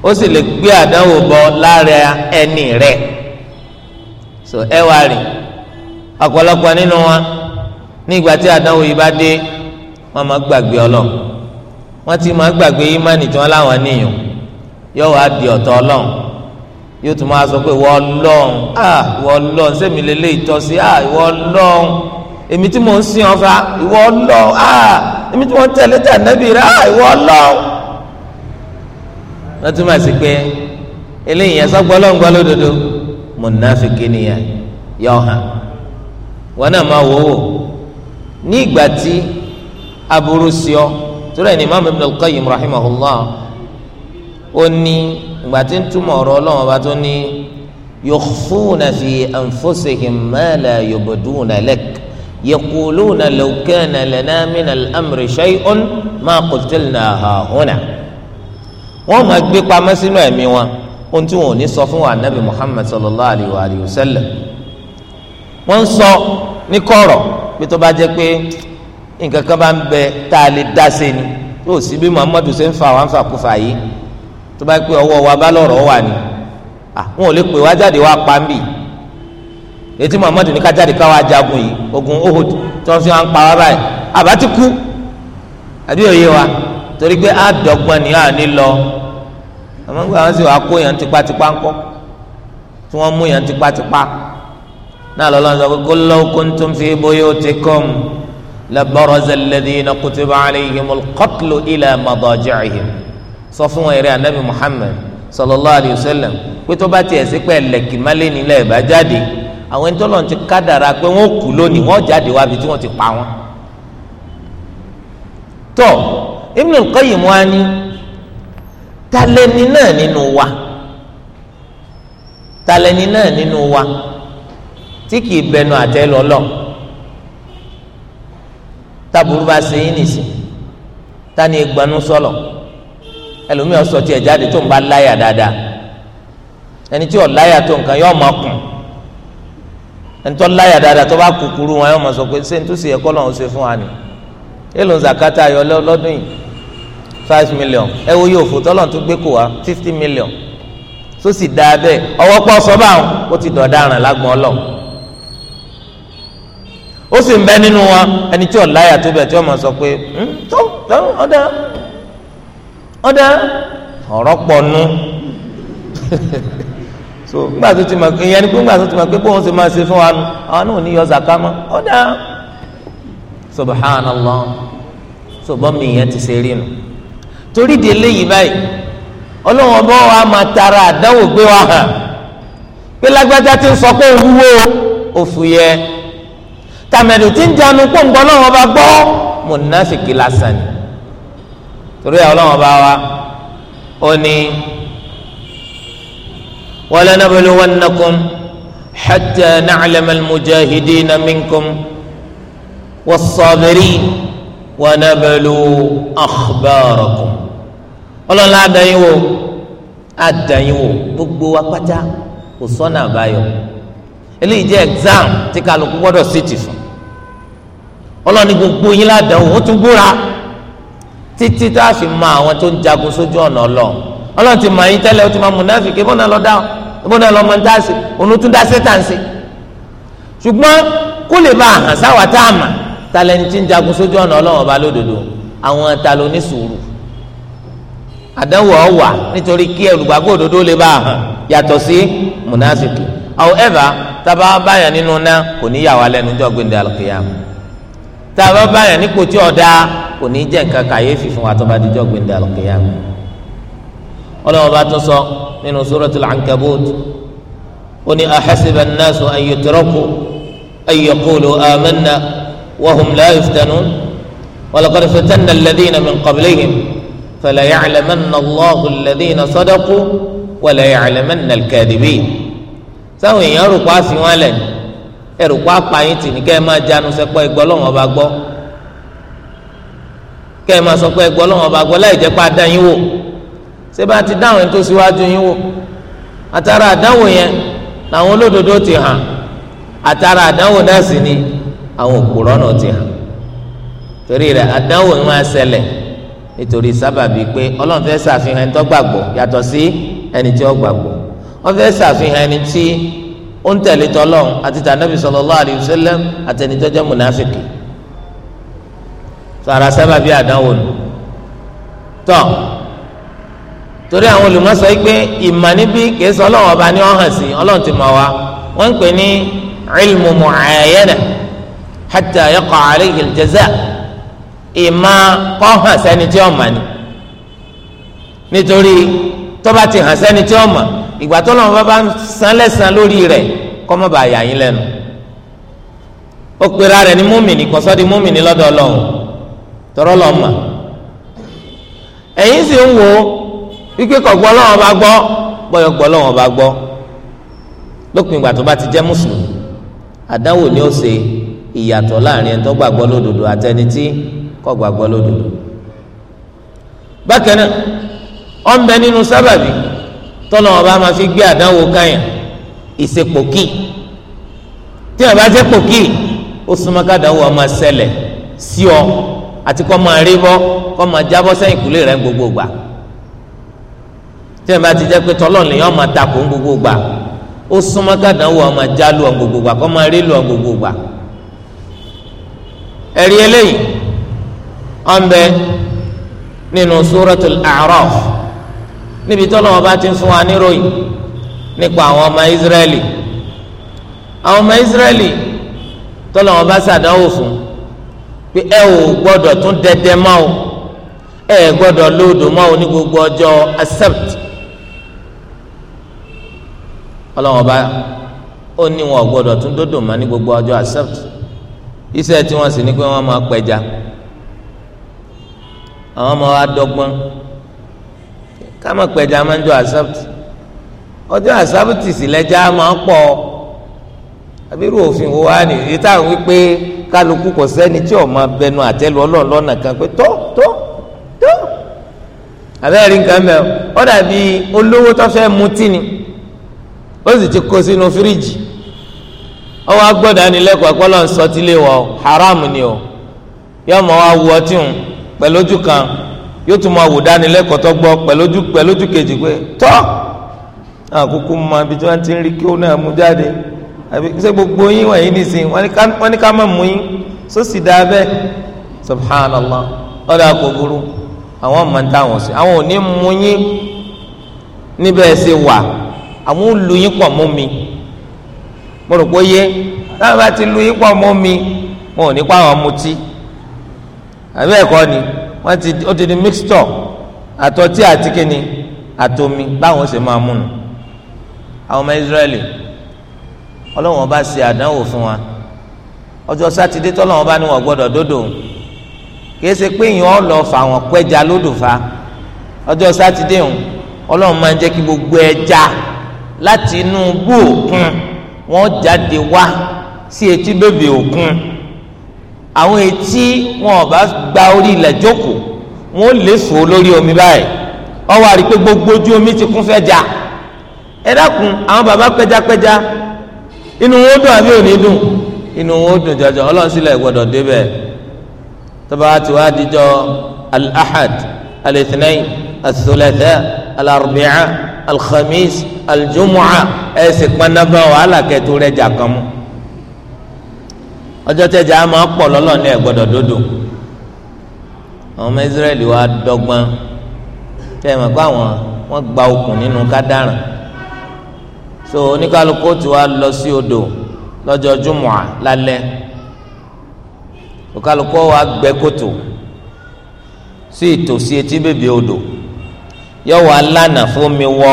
ó sì lè gbé bọ̀ ẹni rẹ so ẹ wá rìn ọ̀pọ̀lọpọ̀ nínú wa ní ìgbà tí bá dé wọ́n máa gbàgbé wọ́n ti di ọ̀tọ̀ ọlọ́run yóò tún máa sọ pé ìwọ Ọlọ́run ah ìwọ Ọlọ́run sẹmi lélẹ ìtọsí ah ìwọ Ọlọ́run èmi tí mò ń sìn ọfà ìwọ Ọlọ́run ah èmi tí mò ń tẹ̀lé tẹ ànábì rẹ ah ìwọ Ọlọ́run. wọ́n tún máa sì pé eléyìí ẹ̀sán gbọ́lọ́ngbọ́ lódodo mùnàfíkì nìyẹn yọ hàn wọn náà máa wò wò ní ìgbà tí aburú sí ọ tó rẹ̀ ní Imam Ibn al-Qayyim rahimahullah ó ní ìgbà tí ń túmọ̀ ọ̀rọ̀ ọlọ́run ọba tó ní yukhfuna fi anfusihim ma la yubduna lak yaquluna law kana lana min al-amri shay'un ma qutilna hahuna wọ́n máa gbé pamọ́ sínú ẹ̀mí wọn ohun tí wọn ò ní sọ fún wa nabi Muhammad sallallahu alayhi wa alihi wa sallam wọ́n ń sọ ní kọ̀rọ̀ pé tó bá jẹ́ pé nǹkan kan bá ń bẹ tá a lè dá sí ni yóò sí bí Muhammadu ṣe fa wàá ń kúfà yìí tó bá pé ọwọ́ wa bá lọ́rọ̀ wà ní àwọn ò lè pè wá jáde wá pa mí ètí muhammadu ní ká jáde ká wá jagun yìí ogun ohud tí wọ́n fi wá ń pa wá báyìí àbá ti kú àbí òye wa torí pé àdọ́gbọ́n ni àní lọ àmọ́ nígbà wọn sì wá kó yàn tipátipá ńkọ́ tí wọ́n mú yàn tipátipá náà lọ́lọ́ sọ pé kul law kuntum fi buyutikum la baraza alladhina kutiba alayhimul qatlu ila madaji'ihim sọ fún wọn eré anabi muhammed sallallahu alayhi sallam pé tó bá tiẹ̀ sí pé ẹlẹ́kì málé nílẹ̀ ìbá jáde àwọn ẹni tó lọ́n ti kádàrà pé wọ́n kú lónìí wọ́n jáde wá bí tí wọ́n ti pa wọ́n. tó Ibn al-Qayyim wá ní talẹ́ni náà nínú wa talẹ́ni náà nínú wa tí kìí bẹnu àtẹ́ lọ́lọ́ tábùrú bá ṣe yín nìsín tani ìgbanú sọlọ. So Elu mi tiẹ̀ jáde tó ń bá láyà dáadáa ẹni tí ọ láyà tó nǹkan yóò máa kùn ẹni tó láyà dáadáa tó bá kúkúrú wọn yóò máa sọ pé ṣé n tó sì yẹ kọ́ lọ́hún ṣe fún wa ni èlò ń zakata ayọ lọ́dún yìí five million ẹ wo yóò fò tó gbé wa fifty million tó sì dáa bẹ́ẹ̀ ọwọ́ pọ̀ ó ti dọ̀daràn ó sì ń nínú wọn ẹni tí láyà sọ pé hmm, tó ọdẹ ọ̀rọ̀ pọ̀ [laughs] so ngbà tó ti mọ ìyẹn ni pé ngbà tó ti mọ pé bóun ṣe máa ṣe fún wa nu àwọn náà ò ní yọ zaka mọ ọdẹ subhanallah so bọ́mì ìyẹn ti ṣe rí nu torí di eléyìí báyìí ọlọ́wọ́n bọ́ wa máa tara àdánwò gbé wa hàn pé lágbájá ti ń sọ pé òun wúwo òfùyẹ tàmẹ̀dù ti ń jẹun pé òun gbọ́ lọ́wọ́ bá gbọ́ mùnáfìkì lásán ni torí Ọlọ́run Ọba wa ó ní walanabluwannakum hatta na'lama al-mujahidina minkum was-sabirin wa nablu akhbarakum Ọlọ́run la dẹ̀yìn wò àdẹ̀yìn wò gbogbo wa pátá kò sọ́nà àbáyọ eléyìí jẹ́ exam tí kálukú gbọ́dọ̀ sí ti fún ọlọ́ni gbogbo yín ládàá òun tún búra títí tá a fi mọ àwọn tó ń jagun sójú ọ̀nà ọlọ́run ọlọ́run ti mọ ayín tẹ́lẹ̀ ó ti mọ mùnáfíkì ebó náà lọ dá ebó náà lọ mọ ní dáàsì òun tún dá sétàǹsì ṣùgbọ́n kó lè bá àhàn sáwà tá a mà talẹ̀ ní ti ń jagun sójú ọ̀nà ọlọ́run ọba lódodo àwọn ta ló ní sùúrù àdánwò ọ̀wà nítorí kí ẹlùgbàgbọ́ òdodo lè bá àhàn yàtọ̀ sí mùnáfíkì however tábà báyà nínú ná kò ní yà wá lẹ́nu jọ́gbìn dàlùkìyàmù tá a bá báyàn nípò tí ọ̀dà kò ní jẹ́ nǹkan kàyéfì fún wa tó bá dijọ́ gbẹ̀ndẹ̀ àlùkìyàm ọlọ́wọ́ bá tún sọ nínú suratul ankabut ó ní ahasiba an-nasu an yutraku an yaqulu amanna wa hum la yuftanun wa laqad fatanna alladhina min qablihim fala ya'lamanna Allahu alladhina sadaqu wa la ya'lamanna al sáwọn èèyàn rò pa wọn lẹ́nu ẹrù kó apààyàn tì ní kẹ́ ẹ máa jánu sẹ́pọ̀ ẹgbọ́ lọ́wọ́n ọba gbọ́ kẹ́ ẹ máa sọ pé ẹgbọ́ gbọ́ láì ti dáhùn ẹni tó síwájú yín wò àtàrà àdánwò yẹn làwọn olódodo ti hàn àtàrà adawo náà sì ni àwọn òpùrọ́ náà ti hàn torí rẹ̀ àdánwò ń máa ṣẹlẹ̀ nítorí sábàbí pé ọlọ́run fẹ́ ṣàfihàn ẹni tó gbàgbọ́ yàtọ̀ sí ẹni tí ó gbàgbọ́ fẹ́ ṣàfihàn ó ń tẹ̀lé tọ́lọ́hún àti tànàbì sallallahu alayhi wa sallam àtẹnitọ́jẹ́ mùnáfìkì sọ̀rọ̀ sábàbí àdánwò nù tọ́ torí àwọn olùmọ̀sọ yìí pé ìmọ̀ níbí kìí sọ ọlọ́run ọba ní ọ̀hàn sí ọlọ́run ti mọ̀ wá wọ́n ń pè ní ilmu mu'ayyana hatta yaqa alayhi al ìmọ̀ kọ́ hàn sẹ́ni tí ó mọ̀ ni nítorí tó ti hàn sẹ́ni tí ó mọ̀ ìgbà tó lọ́wọ́ bá ń san lẹ́sàn lórí rẹ̀ kọ́ mọ́ bá yà yín lẹ́nu ó pera rẹ̀ ní múmìnì kò sọ́ di múmìnì lọ́dọ̀ ọlọ́run tọrọ lọ́ mà ẹ̀yin sì ń wo wípé kò gbọ́ lọ́wọ́ bá gbọ́ bọ́yọ̀ gbọ́ lọ́wọ́ bá gbọ́ lópin ìgbà tó bá ti jẹ́ mùsùlùmí àdánwò ni ó ṣe ìyàtọ̀ láàrin ẹni tó gbàgbọ́ lódodo àtẹni tí kò gbàgbọ́ lódodo bákan náà ó nínú sábàbí tọ́lọ̀ wọn bá máa fi gbé àdánwò káyàn ìsepòkì tí wọn bá jẹ́ pòkì ó súnmọ́ kádàáwò ọmọ ṣẹlẹ̀ sí ọ àti kọ́ máa rí bọ́ kọ́ máa jábọ́ sẹ́yìn kúlé rẹ̀ gbogbo gbà tí wọn ti jẹ́ pé tọ́lọ̀ lèyàn máa takò gbogbo gbà ó súnmọ́ kádàáwò ọmọ jálù ọ gbogbo gbà kọ́ máa rí lù ọ gbogbo gbà ẹ̀rí eléyìí ọ̀nbẹ nínú suratul A'raf níbi tọ́lọ́wọ́ bá ti ń fún wa níròyìn nípa àwọn ọmọ Ísírẹ́lì àwọn ọmọ Ísírẹ́lì tọ́lọ́wọ́ bá ṣàdánwò fún pé ẹ ò gbọ́dọ̀ tún dẹdẹ mọ́ o ẹ gbọ́dọ̀ lóòdò mọ́ o ní gbogbo ọjọ́ accept ọlọ́wọ́ bá ó ní wọn ò gbọ́dọ̀ tún dódò mọ́ ní gbogbo ọjọ́ accept iṣẹ́ tí wọ́n sì ní pé wọ́n máa pẹja àwọn ọmọ wa dọ́gbọ́n. káma pẹja máa ń jọ àsábùtì ọjọ́ àsábùtì sì lẹ́jà máa ń pọ̀ abiru òfin wo wá nìyí táwọn wípé kálukú kò sẹ́ni tí ọmọ bẹnu àtẹ́lu Ọlọ́run lọ́nà kan pé tó tó tó abẹ́rẹ́ nǹkan mẹ́ ọ dàbí olówó tó fẹ́ mutí ni ó sì ti kó sínú fíríjì ọwọ́ agbọ́dọ̀ ń sọ wa yóò tún máa wò dánilẹ́kọ̀ọ́ tó gbọ́ pẹ̀lójú pẹ̀lójú kejì pé tọ́ àkókò máa bí tí wọ́n ti ń rí kí ó náà mú jáde àbí ṣé gbogbo yín wọ̀nyí nìsín wọ́n ní ká má mú yín sósì dáa bẹ́ẹ̀ subhanallah ọ̀dà kò burú àwọn máa ń táwọn sí àwọn ò ní mú yín níbẹ̀ ṣe wà àwọn ò lu yín pọ̀ mú mi mo rò pé yé táwọn bá ti lu yín pọ̀ mú mi wọn ò ní pa àwọn mutí àbí ẹ̀kọ́ ni wọ́n ti ó ti di mixture àtọtí àti kíni àtomi báwọn ṣe máa múnu àwọn ọmọ Israẹli Ọlọ́run ọba ṣe àdánwò fún wa ọjọ́ sátidé tọ́lọ́run ọba ni wọ́n gbọ́dọ̀ dódò kìí ṣe pé èèyàn lọ fà wọ́n pẹ́ja lódò fa ọjọ́ sátidé òun Ọlọ́run máa ń jẹ́ kí gbogbo ẹja láti inú bú òkun wọ́n jáde wá sí etí bèbè òkun àwọn etí wọn ọba gba orí ilẹ̀ jókòó wọn ò lè sòó lórí omi báyìí ọwọ́ àrí pé gbogbo ojú omi ti kún fẹ́jà ẹ dákun àwọn bàbá pẹjapẹja inú wọn ó dùn àbí òní dùn inú wọn ó dùn jọjọ ọlọ́run sílẹ̀ gbọ́dọ̀ débẹ̀ tọ́ba ti wá dijọ́ al-ahad al-ithnayn al-thulatha al-arbi'a wàhálà kẹtù rẹ jà kan mu ọjọ́ tẹ̀jà máa pọ̀ lọ́lọ́ ní ẹ̀ gbọ́dọ̀ dódò àwọn ọmọ Israẹli wa dọ́gbọ́n tẹ ẹ mọ̀ pé àwọn wọ́n gba okùn nínú kádàrán so oníkálukú tí wàá lọ sí odò lọ́jọ́ júmọ̀ọ́ lálẹ́ òkálukú wa gbẹ́ kòtò sí ìtòsí etí bèbè odò yọ wàá lánà fún mi wọ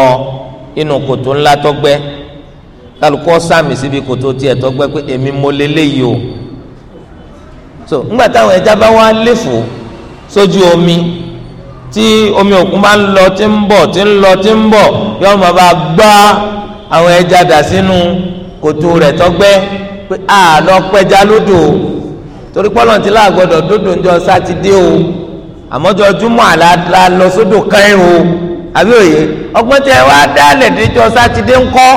inú kòtò ńlá tó gbẹ́ kálukú sàmì síbi kòtò tiẹ̀ tó pé èmi mo lélẹ́yìí o so ńgbà táwọn ẹja bá wá léfòó. sójú omi tí omi òkun bá ń lọ tí ń bọ̀ tí ń lọ tí ń bọ̀ yóò máa bá gbá àwọn ẹja dà sínú kòtò rẹ̀ tọ́gbẹ́ a lọ pẹja lódò torí pọ́lọ́n ti láàgbọ́dọ̀ dódò ń o àmọ́jọ júmọ́ àlá lọ sódò o àbí òye ọgbọ́n tí ẹ wá dálẹ̀ díjọ sátidé ńkọ́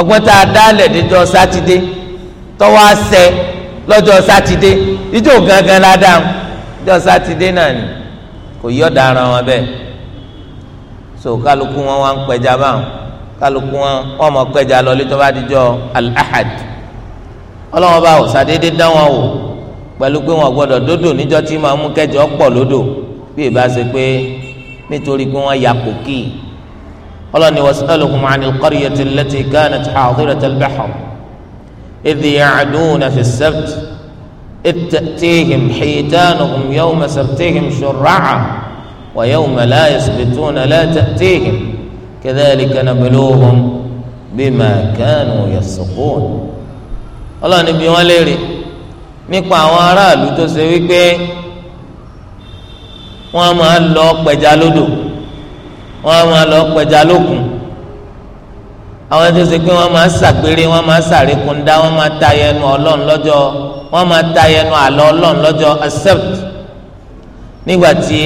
ọgbọ́n a dálẹ̀ díjọ ijó gangan ládàá ijó sátidé náà ni kò yí ọ̀daràn wọn bẹ́ẹ̀ so kálukú wọn wá ń pẹja báwọn kálukú wọn wọn mọ pẹja lọlé tó bá dijọ́ al-ahad ọlọ́wọ́n bá wò sàdédé dán wọn wò pẹ̀lú pé wọn gbọ́dọ̀ dódò níjọ́ tí máa mú kẹjọ pọ̀ lódò bí ìbá ṣe pé nítorí pé wọ́n ya kòkì ọlọ́ni was'aluhum 'ani al-qaryati allati kanat hadirata al-bahr idh ya'duna fi اتأتيهم حيتانهم يوم سبتهم شرعا ويوم لا يسبتون لا تأتيهم كذلك نبلوهم بما كانوا يسقون الله níbi wọn léèrè nípa àwọn aráàlú tó ṣe wípé wọn a máa àwọn tó ṣe pé wọn máa ṣàgbére wọn máa ṣàrékúndá wọn máa ta ẹnu Ọlọ́run lọ́jọ́ wọn máa ta ẹnu àlọ Ọlọ́run lọ́jọ́ accept nígbà tí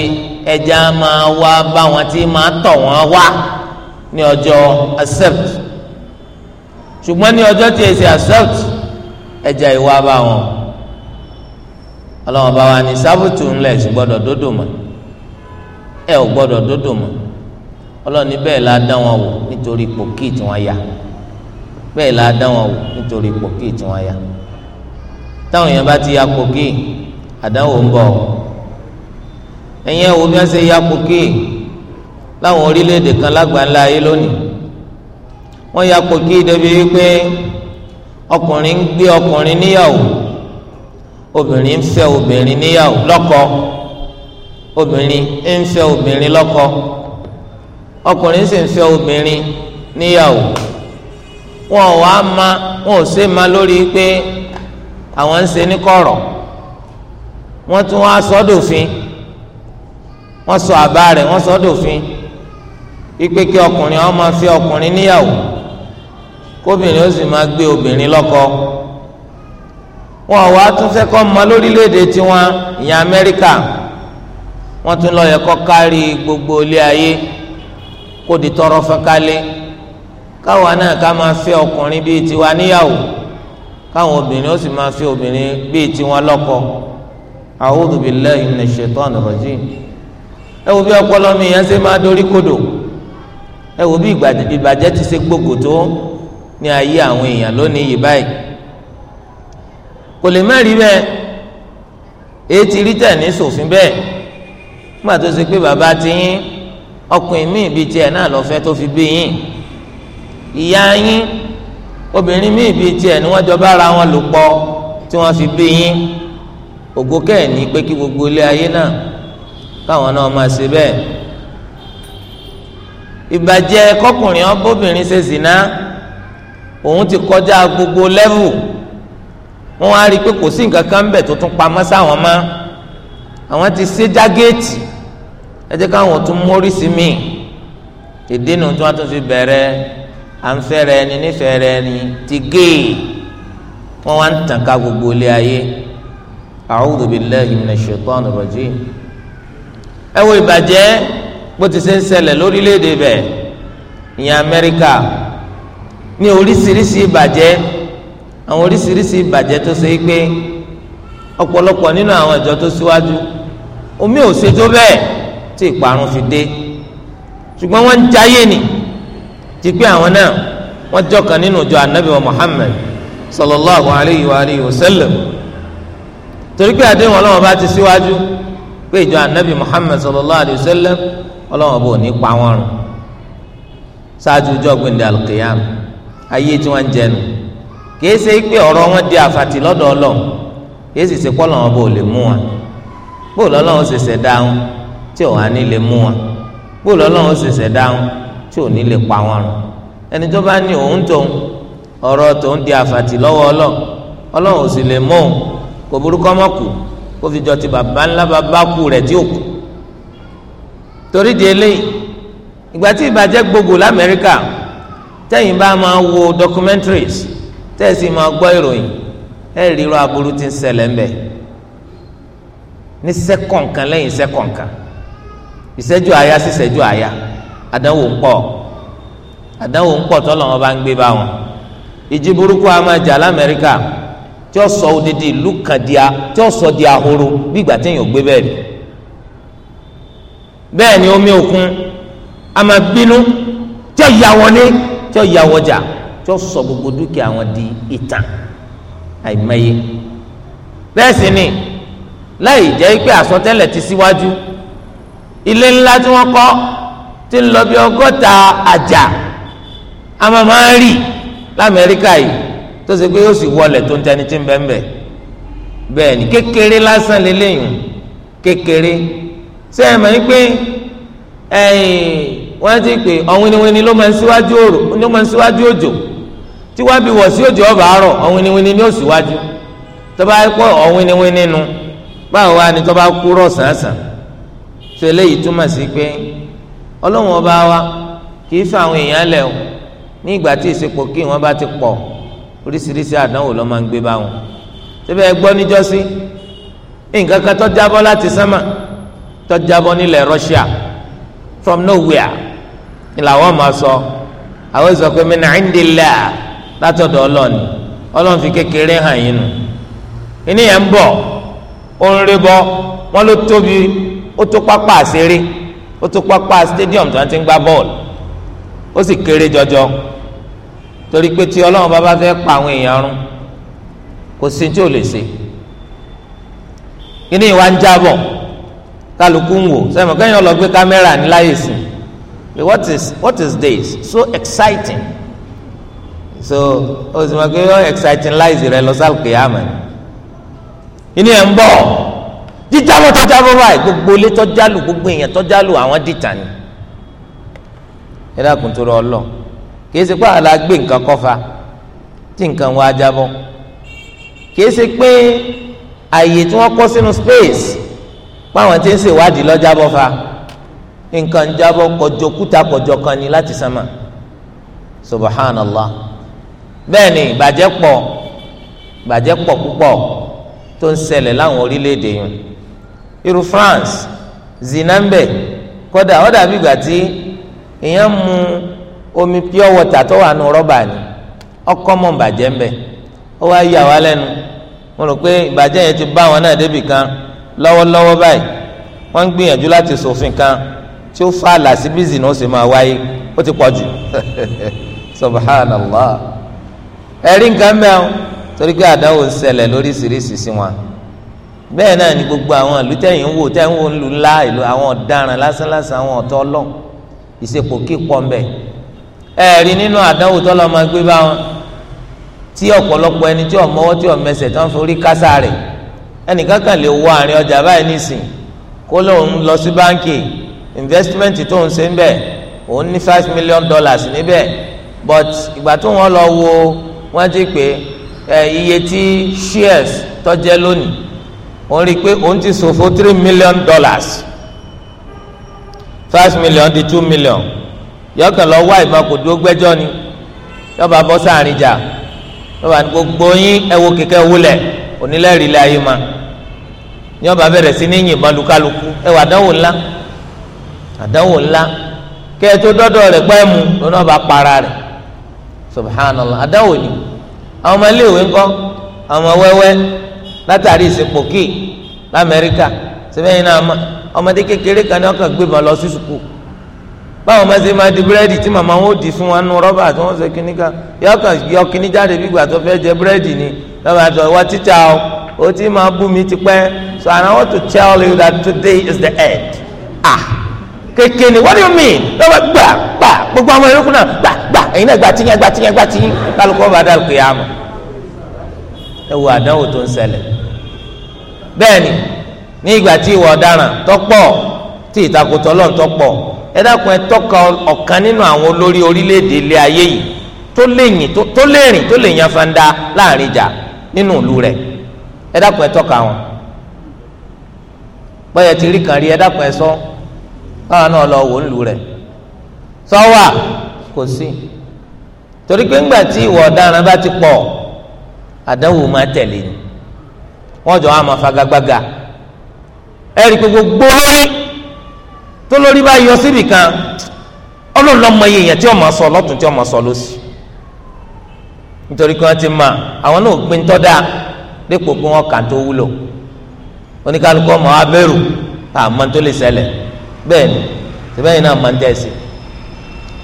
ẹja máa wá bá wọn tí máa tọ̀ wọn wá ní ọjọ́ accept ṣùgbọ́n ní ọjọ́ tí èsì accept ẹja ìwá bá wọn Ọlọ́run bá wa ní sábùtù ńlẹ ṣùgbọ́dọ̀ dódò mọ́ ẹ ò gbọ́dọ̀ dódò mọ́ ọlọ́run ní bẹ́ẹ̀ la dá wọn wò nítorí pòkì tí wọ́n ya bẹ́ẹ̀ la dá wọn wò nítorí pòkì tí wọ́n ya táwọn èèyàn bá ti ya pòkì àdánwò ń bọ̀ ẹ̀yin ẹ̀wò bí wọ́n ṣe ya pòkì láwọn orílẹ̀-èdè kan lágbàńlá ayé lónìí wọ́n ya pòkì débi wípé ọkùnrin ń gbé ọkùnrin níyàwó obìnrin ń fẹ́ obìnrin níyàwó lọ́kọ obìnrin ń fẹ́ obìnrin lọ́kọ ọkùnrin sì ń fẹ́ obìnrin níyàwó wọn ò wá ma wọn ò ṣe ma lórí pé àwọn ń ṣe ní kọ̀rọ̀ wọ́n tún wá sọ́dọ̀fin wọ́n sọ àbá rẹ̀ wọ́n sọ́dọ̀fin ipe kí ọkùnrin ó máa fẹ́ ọkùnrin níyàwó kóbìnrin ó sì máa gbé obìnrin lọ́kọ wọn ò wá tún fẹ́ kọ́ ma lórílẹ̀ tiwọn ìyẹn Amẹ́ríkà wọ́n tún lọ́ọ́ yẹ kọ́ kárí gbogbo ilé ayé kó di tọrọ fẹkálẹ káwa náà ká máa fẹ́ ọkùnrin bíi tiwa níyàwó káwọn obìnrin ó sì máa fẹ́ obìnrin bíi tiwọn lọ́kọ a'udhu billahi minash shaitani rajim ẹ wo bí ọpọlọ mi yẹn ṣe máa dorí kodò ẹ wo bí ìbàjẹ́ ti ṣe gbogbo tó ní ayé àwọn èèyàn lónìí yìí báyìí kò lè má rí bẹ́ẹ̀ èyí ti rí tẹ̀ ní sòfin bẹ́ẹ̀ nígbà tó ṣe pé bàbá ti yín ọkùnrin míì bíi tiẹ̀ náà lọ́fẹ́ tó fi bí yín ìyá yín obìnrin míì bíi tiẹ̀ ni wọ́n jọ ara wọn lò pọ̀ tí wọ́n fi bí yín ògo kẹ́ẹ̀ni pé kí gbogbo ilé ayé náà káwọn náà máa ṣe bẹ́ẹ̀ ìbàjẹ́ kọkùnrin ọbọ̀bìnrin ṣe zìnà òun ti kọjá gbogbo lẹ́vù wọ́n á rí i pé kò sí nǹkan kan ń bẹ̀ tó tún pamọ́ sáwọn mọ́ àwọn ti ṣe já géètì. ẹ jẹ́ káwọn tún mórìsí mi ìdínú tí wọ́n tún fi bẹ̀rẹ̀ à ń fẹ́rẹ̀ ẹni nífẹ̀ẹ́rẹ́ ẹni ti géè wọ́n wá ń tàn ká gbogbo ilé ayé a'udhu billahi minash shaitani rajim ẹ wo ìbàjẹ́ bó ti ṣe ń ṣẹlẹ̀ lórílẹ̀‐èdè bẹ̀ ìyẹn Amẹ́ríkà ní oríṣiríṣi ìbàjẹ́ àwọn oríṣiríṣi ìbàjẹ́ tó ṣe é gbé ọ̀pọ̀lọpọ̀ nínú àwọn ìjọ tó síwájú omi ò ṣe tó bẹ́ẹ̀ tí ìparun fi dé ṣùgbọ́n wọ́n ń jayé ni ti pé àwọn náà wọ́n jọ̀kan nínú ìjọ anabi wa Muhammad sallallahu alayhi wa alayhi wa sallam torí pé àdéhùn ọlọ́wọ́n bá ti síwájú pé ìjọ anabi Muhammad sallallahu alayhi wa sallam ọlọ́wọ́n bò ní pa wọn rùn ṣáájú ọjọ́ gbẹ̀ndẹ̀ alqiyam ayé tí wọ́n ń jẹnu kìí ṣe pé ọ̀rọ̀ wọn di àfàtì lọ́dọ̀ kìí sì ṣe pọ́ lọ́wọ́n bò lè mú wọn bó lọ́lọ́run ṣẹ̀ṣẹ̀ dá tí ò wá ní lè mú wọn bóòlù ọlọ́run ó sì ṣẹ̀dá wọn tí ò ní lè pa wọn rùn ẹni tó bá ní òun tóun ọ̀rọ̀ tóun di àfàtì lọ́wọ́ ọlọ́run ọlọ́run ò sì lè mú òun kò burúkọ mọ́ kù kó fi jọ ti bàbá ńlá bàbá kú rẹ̀ tí ò kù torí di eléyìí ìgbà tí ìbàjẹ́ gbogbo lamẹ́ríkà tẹ́yìn bá máa wo documentaries tẹ́sí máa gbọ́ ìròyìn ẹ̀ ríro aburú ti ń ṣẹlẹ̀ ńbẹ̀ ní sẹ́kọ̀ǹkan lẹ́yìn sẹ́kọ̀ǹkan ìṣẹ́jú àyà sí ìṣẹ́jú àyà àdánwò ń pọ̀ àdánwò ń pọ̀ tọ́lọ̀ wọn bá ń gbé bá wọn ìjì burúkú a máa jà lamẹ́ríkà tí ó sọ odidi ìlú kan di a tí ó sọ di ahoro bí ìgbà téèyàn gbé bẹ́ẹ̀ rí bẹ́ẹ̀ ni omi òkun a máa bínú tí ó yà wọ́n ní tí ó yà wọ́n jà tí ó sọ gbogbo dúkìá wọn di ìtàn àìmọye bẹ́ẹ̀ sì ni láì jẹ́ pé àsọtẹ́lẹ̀ ti síwájú. Si ilé ńlá tí wọ́n kọ́ ti ń lọ bí ọgọ́ta àjà àmọ́ máa ń rì lamẹ́ríkà yìí tó ṣe pé yóò sì wọlé tó ń tẹni tí ń bẹ́ẹ̀ bẹ́ẹ̀ bẹ́ẹ̀ ni kékeré lásán lélẹ́yìn kékeré ṣé ẹ mọ̀ ní pé wọ́n ti pè ọ̀wìnìwìnì ló máa ń síwájú òrò ló máa ń síwájú òjò tí wọ́n bí wọ̀ sí òjò ọ̀bà àárọ̀ ọ̀wìnìwìnì ni ó síwájú tó bá pọ̀ ọ̀wìnìwìnì nu báwo wá ni tó bá kú rọ̀ sàn-án sàn so eléyìí túmọ̀ sí pé ọlọ́run ọba wa kì í fa àwọn èèyàn lẹ̀ o ní ìgbà tí ìsepò kí wọ́n bá ti pọ̀ oríṣiríṣi àdánwò ló máa ń gbé bá wọn síbẹ̀ gbọ́ níjọ́sí nǹkan kan tó jábọ́ láti sánmà tó jábọ́ nílẹ̀ Russia from nowhere ni làwọn máa sọ àwọn sọ pé min indillah látọ̀dọ̀ ọlọ́ọ̀ni ọlọ́ọ̀n fi kékeré hàn yín nù ìníyẹn ń bọ̀ ó ń rí bọ́ wọ́n ló tóbi ó tó pápá àṣeré ó tó pápá stadium tí wọ́n ti ń gbá bọ́ọ̀lù ó sì kéré jọjọ torí pé tí ọlọ́run bá bá fẹ́ pa àwọn èèyàn run kò sí tí ò lè ṣe kíní ìwà ń jábọ̀ kálukú ń wò sẹ́mi kẹ́yìn ọlọ́gbé kámẹ́rà ní láyè sí what is what is this so exciting so o sì mọ̀ pé ó exciting láìsí rẹ lọ sálùkì àmọ́ kíní ẹ̀ ń bọ̀ jábọ́ tó jábọ́ báyìí gbogbo ilé tó jálù gbogbo èèyàn tó jálù àwọn dìtà ni ẹ dákun tó rọ ọlọ kìí ṣe pé àlá gbé nǹkan kọfà tí nǹkan wọn á jábọ́ kìí ṣe pé àyè tí wọ́n kọ́ sínú space páwọn tí ń ṣèwádìí lọ jábọ́ fa nǹkan jábọ́ kọjọ kúta kọjọ kan ni láti sánmà subhanallah bẹ́ẹ̀ ni ìbàjẹ́ pọ̀ ìbàjẹ́ pọ̀ púpọ̀ tó ń ṣẹlẹ̀ láwọn orílẹ̀-èdè yìí. irú France zina kódà ó dàbí ìgbà mu omi pure water tó wà nù ni ọkọ́ mọ̀ bàjẹ́ ń bẹ ó wá yà wá lẹ́nu mo rò ti bá wọn náà débì kan lọ́wọ́lọ́wọ́ báyìí wọ́n ń gbìyànjú láti kan tí ó fa àlà sí bíìsì ó sì máa wáyé ti pọ̀ jù [laughs] subhanallah ẹ̀rí nǹkan mẹ́wọ́n torí pé ń ṣẹlẹ̀ lóríṣiríṣi sí wọn. bẹ́ẹ̀ náà ni gbogbo àwọn ìlú tẹ̀yìn ń wò tẹ̀yìn ń wò ń lu ńlá ìlú àwọn ọ̀daràn lásánlásán àwọn ọ̀tọ́ ọlọ́ọ̀ ìsepò kíkọ mbẹ ẹẹrí nínú àdánwò tọlọ máa gbé bá wọn tí ọ̀pọ̀lọpọ̀ ẹni tí ọmọwọ́ tí ọmẹsẹ̀ tán forí kásá rẹ̀ ẹnìkan lè wọ àárín ọjà báyìí nísìn kó lóun lọ sí báńkì investment tó ń ṣe ń òun ní five million dollars níbẹ̀ but ìgbà tó wọn lọ wo wọn ti pé ẹ iye tí shares tó lónìí wọ́n rí i pé òun ti ṣòfò three million dollars five million di two million yọkàn lọ wá ìmọ̀ kò dúró gbẹ́jọ́ ni yọba bọ́ sáàrin jà yọba ní gbogbo yín ẹwo kẹ̀kẹ́ wúlẹ̀ onílẹ̀rí ilé ayé ma yọba bẹ̀rẹ̀ sí ní yìnbọn lukaluku ẹwà àdánwò ńlá àdánwò ńlá kẹ́ ẹ tó dọ́dọ̀ rẹ̀ pẹ́ mu lọ́nà bá para rẹ̀ subhanallah àdánwò ni àwọn ọmọ iléèwé ńkọ́ àwọn ọmọ wẹ́wẹ́ látàrí ìsìnkú kí lamẹ́ríkà sẹ́fẹ̀yìn náà ọmọdé kékeré kan ní ọkàn gbé ma lọ sí sùkú báwọn ma ṣe máa di búrẹ́dì tí màmá wọn ò di fún wa nu rọ́bà tí wọ́n ṣe kíní yọkàn jáde bí ìgbà fẹ́ jẹ búrẹ́dì ni lọ́ba tó wá títà o ti máa bú mi ti so I want to tell you that today is the end ah what do you mean lọ́ba gbà gbogbo àwọn ẹ wo àdánwò tó ń ṣẹlẹ̀ bẹ́ẹ̀ ní ìgbà tí ìwà ọ̀daràn tọ́pọ̀ tí ìtakùtọ̀ ọlọ́run tọ́pọ̀ ẹ dákun ẹ tọ́ka ọ̀kan nínú àwọn olórí orílẹ̀-èdè ilé ayé yìí tó lè tó lè láàrin ìjà nínú ìlú rẹ̀ ẹ dákun ẹ tọ́ka wọn ti rí kan rí ẹ náà àdánwò máa tẹ̀lé ni wọ́n jọ àmọ́ fagagbága ẹ̀rí gbogbo lórí tó lórí bá yọ síbi kan ọlọ́ọ̀lọ́mọ yìí yẹn tí wọ́n máa sọ lọ́tún tí wọ́n sọ lọ́sì nítorí kí wọ́n ti máa àwọn náà gbé ńtọ́ dáa dípò pé wọ́n kà tó wúlò oníkálukú ọmọ abẹ́rù àmọ́ tó lè ṣẹlẹ̀ bẹ́ẹ̀ ni tẹ́bẹ́yìn náà máa ń tẹ̀sí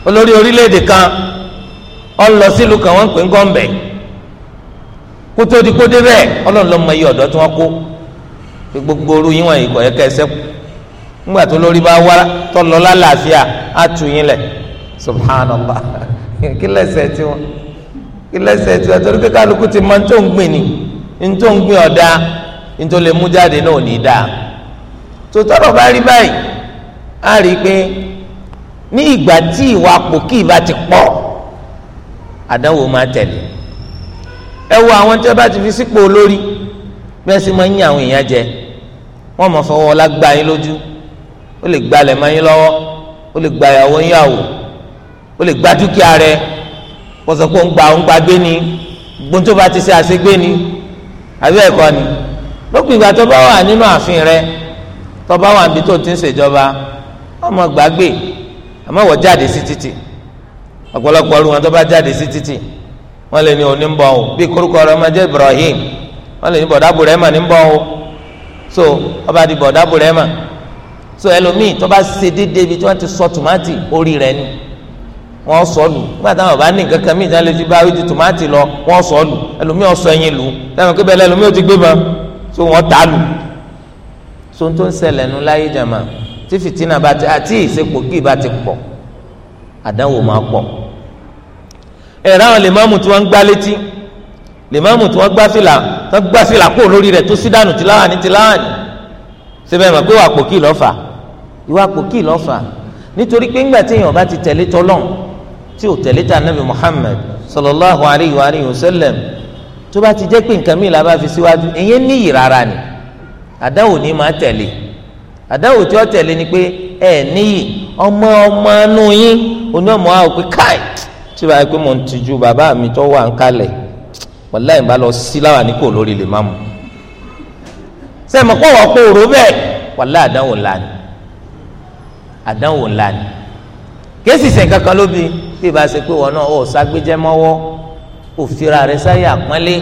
olórí orílẹ̀-èdè kan ó lọ sílùú kan wọ́n ń pè ń gọ́ǹbẹ̀ẹ́ kó di kó dé bẹ́ẹ̀ ọlọ́run ló mọ iye ọ̀dọ́ tí wọ́n kó gbogbo orú yín wọ̀nyí kọ̀ yẹ ká ẹsẹ̀ kù ńgbà tó lórí bá wá tó lálàáfíà á tu yín lẹ̀ subhanallah [laughs] kí lẹ́sẹ̀ tí wọ́n kí lẹ́sẹ̀ tí wọ́n torí pé kálukú ti mọ nítorí ń gbìn ni nítorí ń gbìn ọ̀dà nítorí lè mú jáde náà ò ní dáa tòtọ́rọ̀ bá rí báyìí á rí i pé ní ìgbà tí ìwà pòkì bá ti pọ̀ àdánwò máa tẹ̀lé ẹ wo àwọn tí wọn bá ti fi sípò olórí bẹ́ẹ̀ sì máa ń yín àwọn èèyàn jẹ wọn mọ̀ fọwọ́ ọlá gbá yín lójú ó lè gbalẹ̀ mọ́ yín lọ́wọ́ ó lè gba ìyàwó yín yàwó ó lè gba dúkìá rẹ pọ̀sọ̀ ń gba ń gba gbé ni gbọ́n tó bá ti ṣe àṣegbé ni àbí ẹ̀kọ́ ni lópin ìgbà tó bá wà nínú ààfin rẹ tó bá wà níbi tó ti ń ṣèjọba ọmọ gbàgbé àmọ́ wọ́n jáde sí títì ọ̀pọ̀lọpọ̀ ọdún wọn tó bá jáde sí títì wọ́n lè ní òní ń bọ̀ o bí korúkọ rẹ̀ máa jẹ́ Ibrahim wọ́n lè ní bọ̀dá Burema ní ń o so ọba di bọ̀dá Burema so ẹlòmíì tó bá ṣe déédéé ibi tí wọ́n ti sọ tòmátì orí rẹ̀ ni wọ́n sọ lù nígbà táwọn ọba ní nǹkan kan míì jáde ti bá wí ti tòmátì lọ wọ́n sọ lù ẹlòmíì ọ̀sọ̀ ẹyin lù táwọn kébẹ̀ lẹ́ ẹlòmíì ó ti gbé ma so wọ́n tà lù so tó ń ṣẹlẹ̀ nu láyé jàmá tí fìtínà bá ti àti ìsepò kí ì bá ti pọ̀ àdánwò máa pọ̀ ẹ̀rọ àwọn lèmọ́ọ̀mù tí wọ́n ń gbá létí lèmọ́ọ̀mù tí wọ́n gbá fìlà tó gbá fìlà kó lórí rẹ̀ tó sí dànù tìláwà ní tìláwà ní síbẹ̀ mọ̀ pé ìwà àpòkì lọ́fà ìwà àpòkì lọ́fà nítorí pé ńgbà tí èèyàn bá ti tẹ̀lé tọ́lọ́n tí ò tẹ̀lé tà nàbì Muhammad sallallahu alayhi wa alihi wa sallam tó bá ti jẹ́ pé nǹkan míì la bá fi síwájú ìyẹn níyì rárá ni àdáwò ni máa tẹ̀lé àdáwò tí ó tẹ̀lé ni pé ẹ níyì ọmọ ọmọ anú yín oní ọmọ àwọn pé káì tí báyìí pé mo ń tijú bàbá mi tó wà ń kalẹ̀ wàlá ìbá lọ sí láwa ní kò lórí lè má mu sẹ́mi kó wọ́n kó rò bẹ́ẹ̀ wàlá àdánwò ńlá ni àdánwò ńlá ni kéésì sẹ̀ kankan ló bi bí ìbá ṣe pé wọn náà ò ságbéjẹ́ mọ́wọ́ ò fira rẹ̀ sáyé àpọ́nlé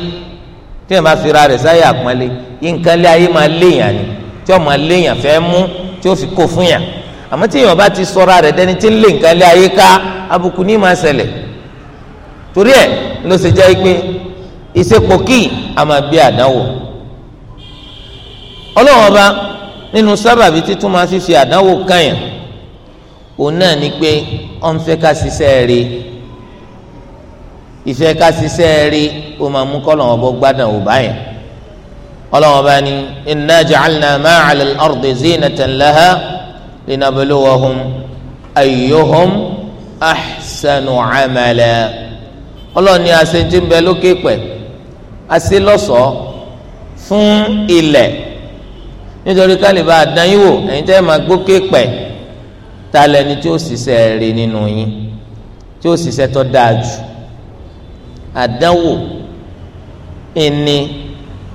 tí wọn bá fira rẹ̀ sáyé àpọ́nlé nǹkan lé ayé máa léèyàn ni tí wọn máa léèyàn fẹ́ mú tí ó fi kó fún yàn àmọ́ tí èèyàn bá ti sọra rẹ̀ dẹni tí ń lé nǹkan lé ayé ká abùkù máa ṣẹlẹ̀ torí ẹ̀ ló ṣe jẹ́ pé ìsepò kí a máa bí àdánwò ọlọ́run ọba nínú sábàbí títún máa fífi àdánwò kàyàn òun náà ni pé ọ̀n fẹ́ ká ṣiṣẹ́ rí ìfẹ́ ká ṣiṣẹ́ rí ó máa mú kọ́lọ́run ọba gbádùn ọba yẹn ọlọ́run ọba ni inna ja'alna ma 'ala al-ardi zinatan laha linabluwahum ayyuhum ahsanu 'amala ọlọ́run ni asentí ń bẹ lókè pẹ̀ aselọ́sọ̀ọ́ fún ilẹ̀ nítorí kálíbà àdáyéwò ẹ̀yin tẹ́ máa gbókè pẹ̀ ta lẹni tí ó ṣiṣẹ́ rè nínú yín tí ó ṣiṣẹ́ tó dáa jù àdánwò ìní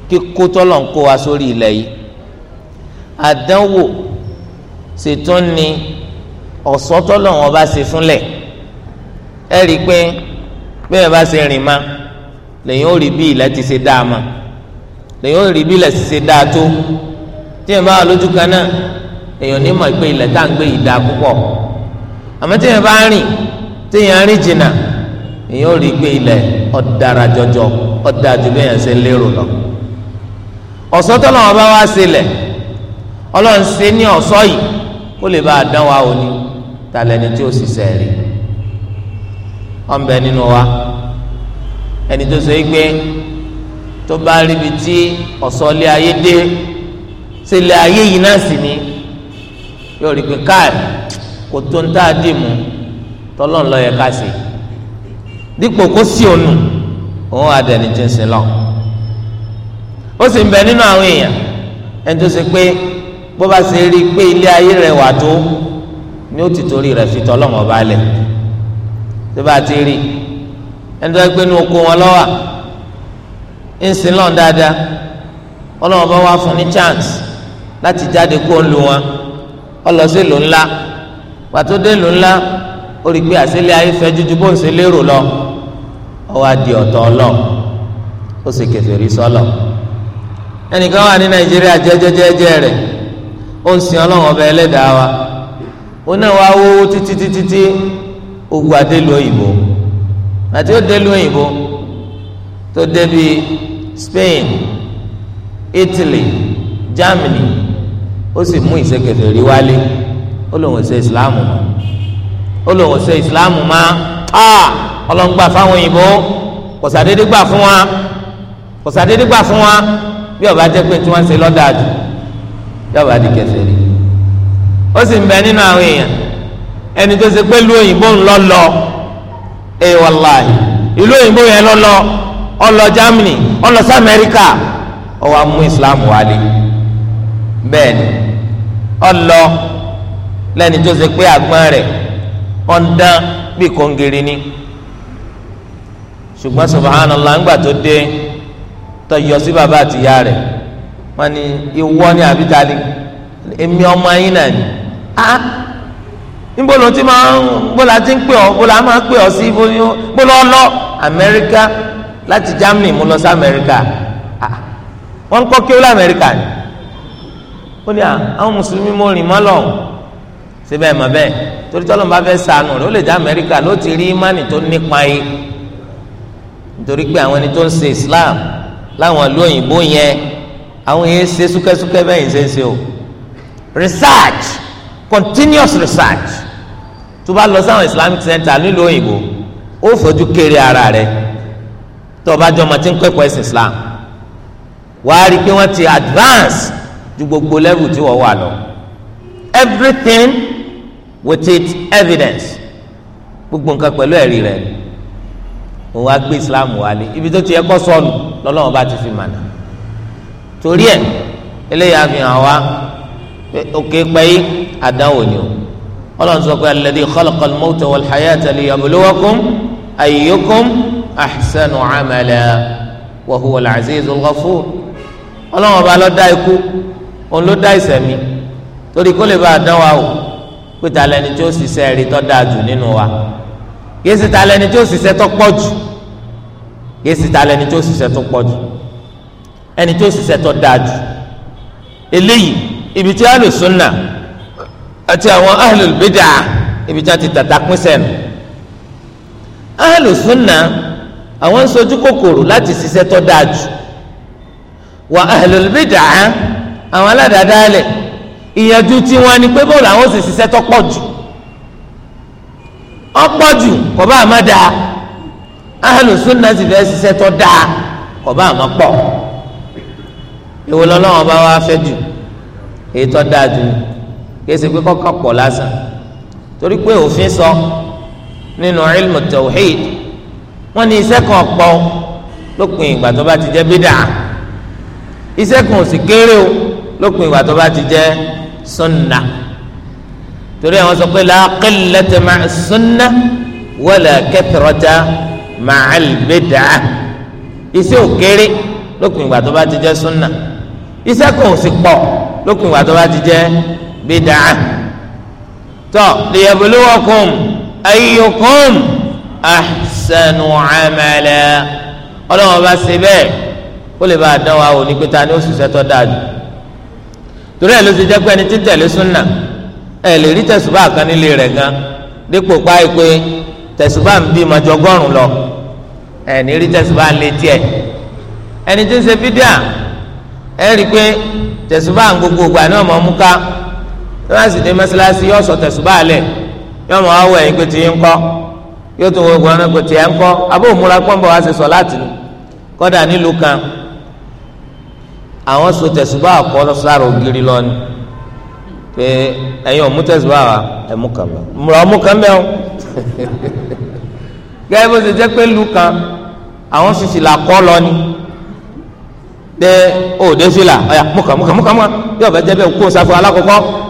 kíkó tọ́lọ̀ ń kó wa sórí ilẹ̀ yìí àdánwò ṣètò ni ọ̀sọ́ tọ́lọ̀ wọn bá ṣe fúnlẹ̀ ẹ rí i pé. bẹ́ẹ̀ bá ṣe rìn ma lẹ́yìn ó rí bí ilẹ̀ ti ṣe dáa ma lẹ́yìn ó rí bí ilẹ̀ ti ṣe dáa tó tí bá wà lójú kan náà èèyàn ní mọ̀ pé ilẹ̀ tá à ń gbé yìí dáa púpọ̀ àmọ́ tí bá rìn tí rìn jìnnà èèyàn ó rí pé ilẹ̀ ọ̀dára jọjọ ọ̀dà ju bẹ́ẹ̀ yẹn ṣe lérò lọ. ọ̀ṣọ́ tó lọ́wọ́ bá wá yi, ọlọ́run ṣe ní ọ̀ṣọ́ yìí kó lè bá a dán wa òní tí ọ̀nbẹ nínú wa ẹni tó sọ yìí pé tó bá ríbi tí ọ̀sọ́lé ayé dé sílẹ̀ ayé yìí náà sì ni yóò rí pé káàdì kò tó ń tá a dì mú tọ́lọ́n lọ́ọ́ yẹ ká sí dípò kó sí ònù òun àdẹ̀ni ti ń sin lọ ó sì ń bẹ nínú àwọn èèyàn ẹni tó ṣe pé bó bá ṣe rí i pé ilé ayé rẹwà tó ni ó ti torí rẹ̀ fi tọ́lọ́mọba lẹ̀ tó bá ti rí ẹni tó gbé inú oko wọn lọ́wọ́ ńsìn lọ́n dáadáa ọlọ́wọ́n bá wá fún ní chance láti jáde kó ń lu wọn ọlọ́sí ló ńlá pàtó dé ló ńlá ó rí i pé àṣìlẹ̀ ayé fẹ́ jújú bó ń ṣe lérò lọ ọwọ́ adi ọ̀tọ̀ ọlọ́ ó sì kèfèrí sọ́lọ̀ ẹnìkan wà ní nàìjíríà jẹ́jẹ́jẹ́jẹ́ rẹ̀ ó ń sin ọlọ́wọ́n ọba ẹlẹ́dàá wa ó náà wá wó títí gbogbo adélu òyìnbó àti ó délu òyìnbó tó débi Spain Italy Germany ó sì mú ìṣèkèfè rí wálé ó lòun ṣe ìsìláàmù mọ́ ó lòun ṣe ìsìláàmù mọ́ ọlọ́ngbà fáwọn òyìnbó kò sàdédé gbà fún wa kò sàdédé gbà fún wa bí ọba jẹ́ pé tí wọ́n ń ṣe lọ́dà jù yọba di kèfèrí ó sì ń bẹ nínú àwọn èèyàn ẹni tó ṣe pé òyìnbó ń lọ lọ ẹ ìlú òyìnbó yẹn lọ lọ Germany ó sí Amẹ́ríkà ó wá Islam wálé bẹ́ẹ̀ ni ó lẹ́ni tó ṣe pé àgbọn rẹ̀ bí ni ṣùgbọ́n ńgbà tó dé tó yọ sí bàbá ni èmi ni ah, níbo ló ti máa ń bó la ti ń pè ọ bó la máa ń pè ọ sí bó lọ lọ amẹ́ríkà láti germany mo lọ sí amẹ́ríkà wọ́n ń kọ́ kí ó lọ amẹ́ríkà ni ó ní àwọn mùsùlùmí mo rìn mọ́ lọ síbẹ̀ mọ́ bẹ́ẹ̀ torí tọ́lọ́ bá fẹ́ sànù rẹ̀ ó lè jẹ́ amẹ́ríkà ló ti rí imáni tó nípa yìí nítorí pé àwọn ẹni tó ń ṣe islam láwọn ìlú òyìnbó yẹn àwọn yẹn ṣe súkẹ́súkẹ́ bẹ́ẹ̀ yìí ṣe ń ṣe o research continuous research tó bá lọ sáwọn islamic center nílùú òyìnbó ó fojú kéré ara rẹ tó o bá jọ ọmọ tí ń kẹ́kọ̀ọ́ ẹ̀sìn islam wàá rí i pé wọ́n ti advance ju gbogbo level tí wọ́n wà lọ everything with it evidence gbogbo nǹkan pẹ̀lú ẹ̀rí rẹ òun á gbé islam wálé ibi tó ti yẹ kó sọnù lọ́lọ́run bá ti fi mànà torí ẹ̀ eléyàá fi hàn wá òkè pẹ́yì àdánwò ni o ọlọ́run sọ pé alladhi khalaqa al-mawta wal-hayata liyabluwakum ayyukum ahsanu amala wa huwa al-azizul ghafur ọlọ́run ọba ló dá ikú òun ló dá ìṣẹ̀mí torí kó lè bá a dán wa o pé ta lẹni tí ó ṣiṣẹ́ rí tó dáa jù nínú wa kìí ṣe ta lẹni tí ó ṣiṣẹ́ pọ̀ jù kìí ṣe ta lẹni tí ó ṣiṣẹ́ pọ̀ jù ẹni tí ó ṣiṣẹ́ tó jù eléyìí ibi tí Ahlus Sunnah àti àwọn ahlul bid'ah ibi tí wọ́n ti tàtà pín sẹ́nu ahlus sunnah àwọn ń sojú kòkòrò láti ṣiṣẹ́ tó dáa jù wà ahlul bid'ah àwọn aládàádáalẹ̀ ìyànjú tí wọ́n ní pé bóòlù àwọn sì ṣiṣẹ́ tó pọ̀ jù ọ̀pọ̀ jù kò bá àmọ́ dáa ahlus sì fẹ́ ṣiṣẹ́ tó dáa kò bá àmọ́ pọ̀ ìwòlọ́lọ́wọ́n bá wá fẹ́ jù èyí tó dáa jù kéésì pé kọ́kọ́ pọ̀ lásán torí pé òfin sọ nínú ilmu tawhid wọ́n ní iṣẹ́ kan pọ̀ lópin ìgbà tó bá ti jẹ́ bídà iṣẹ́ kan ò sì kéré o lópin ìgbà tó bá ti jẹ́ sunna torí àwọn sọ pé la qillata sunna wala kathrata ma'al bid'a iṣẹ́ ò kéré lópin ìgbà tó bá ti jẹ́ sunna iṣẹ́ kan ò sì pọ̀ lópin ìgbà tó bá ti jẹ́ Bidaa. tọ́ liyabluwakum ayyukum ahsanu amala ọlọ́wọ́n bá ṣe bẹ́ẹ̀ ó lè bá a dán wa wò ní pé ta ni ó ṣiṣẹ́ tó dáa jù torí ẹ̀ ló ti jẹ́ pé ẹni tí tẹ̀lé súnà ẹ̀ lè rí tẹ̀sùbá kan nílé rẹ̀ gan dípò páyì pé tẹ̀sùbá ń bí mọ́jọ́gọ́rùn lọ ẹ̀ ní rí tẹ̀sùbá E lé tiẹ̀ ẹni tí ń ṣe fídíà ẹ̀ rí i pé tẹ̀sùbá ń gbogbo ìgbà ká tọ́lásì dé mọ́sálásí yóò sọ tẹ̀sùbá alẹ̀ yóò mọ̀ wá wọ ẹ̀yìn pé tìyẹn ń kọ́ yóò tún wọ ìwọ̀n pé tìyẹn ń kọ́ abó òmùra pọ́ńbọ̀ wá ṣe sọ láti nù kọ́dà nílùú kan àwọn sọ tẹ̀sùbá àkọ́ sára ògiri lọ ni pé ẹ̀yin ọ̀mú tẹ̀sùbá wa ẹ̀mú kan bẹ́ẹ̀ múra ọmú kan bẹ́ẹ̀ o [laughs] gẹ́gẹ́ bó ṣe jẹ́ pé lù kan àwọn sì là kọ́ lọ ni pé òde fìlà ọ̀yà múkàmúkàmúkàmúkà yóò fẹ́ jẹ́ bẹ́ẹ̀ kó sáfù alákọ̀ọ́kọ́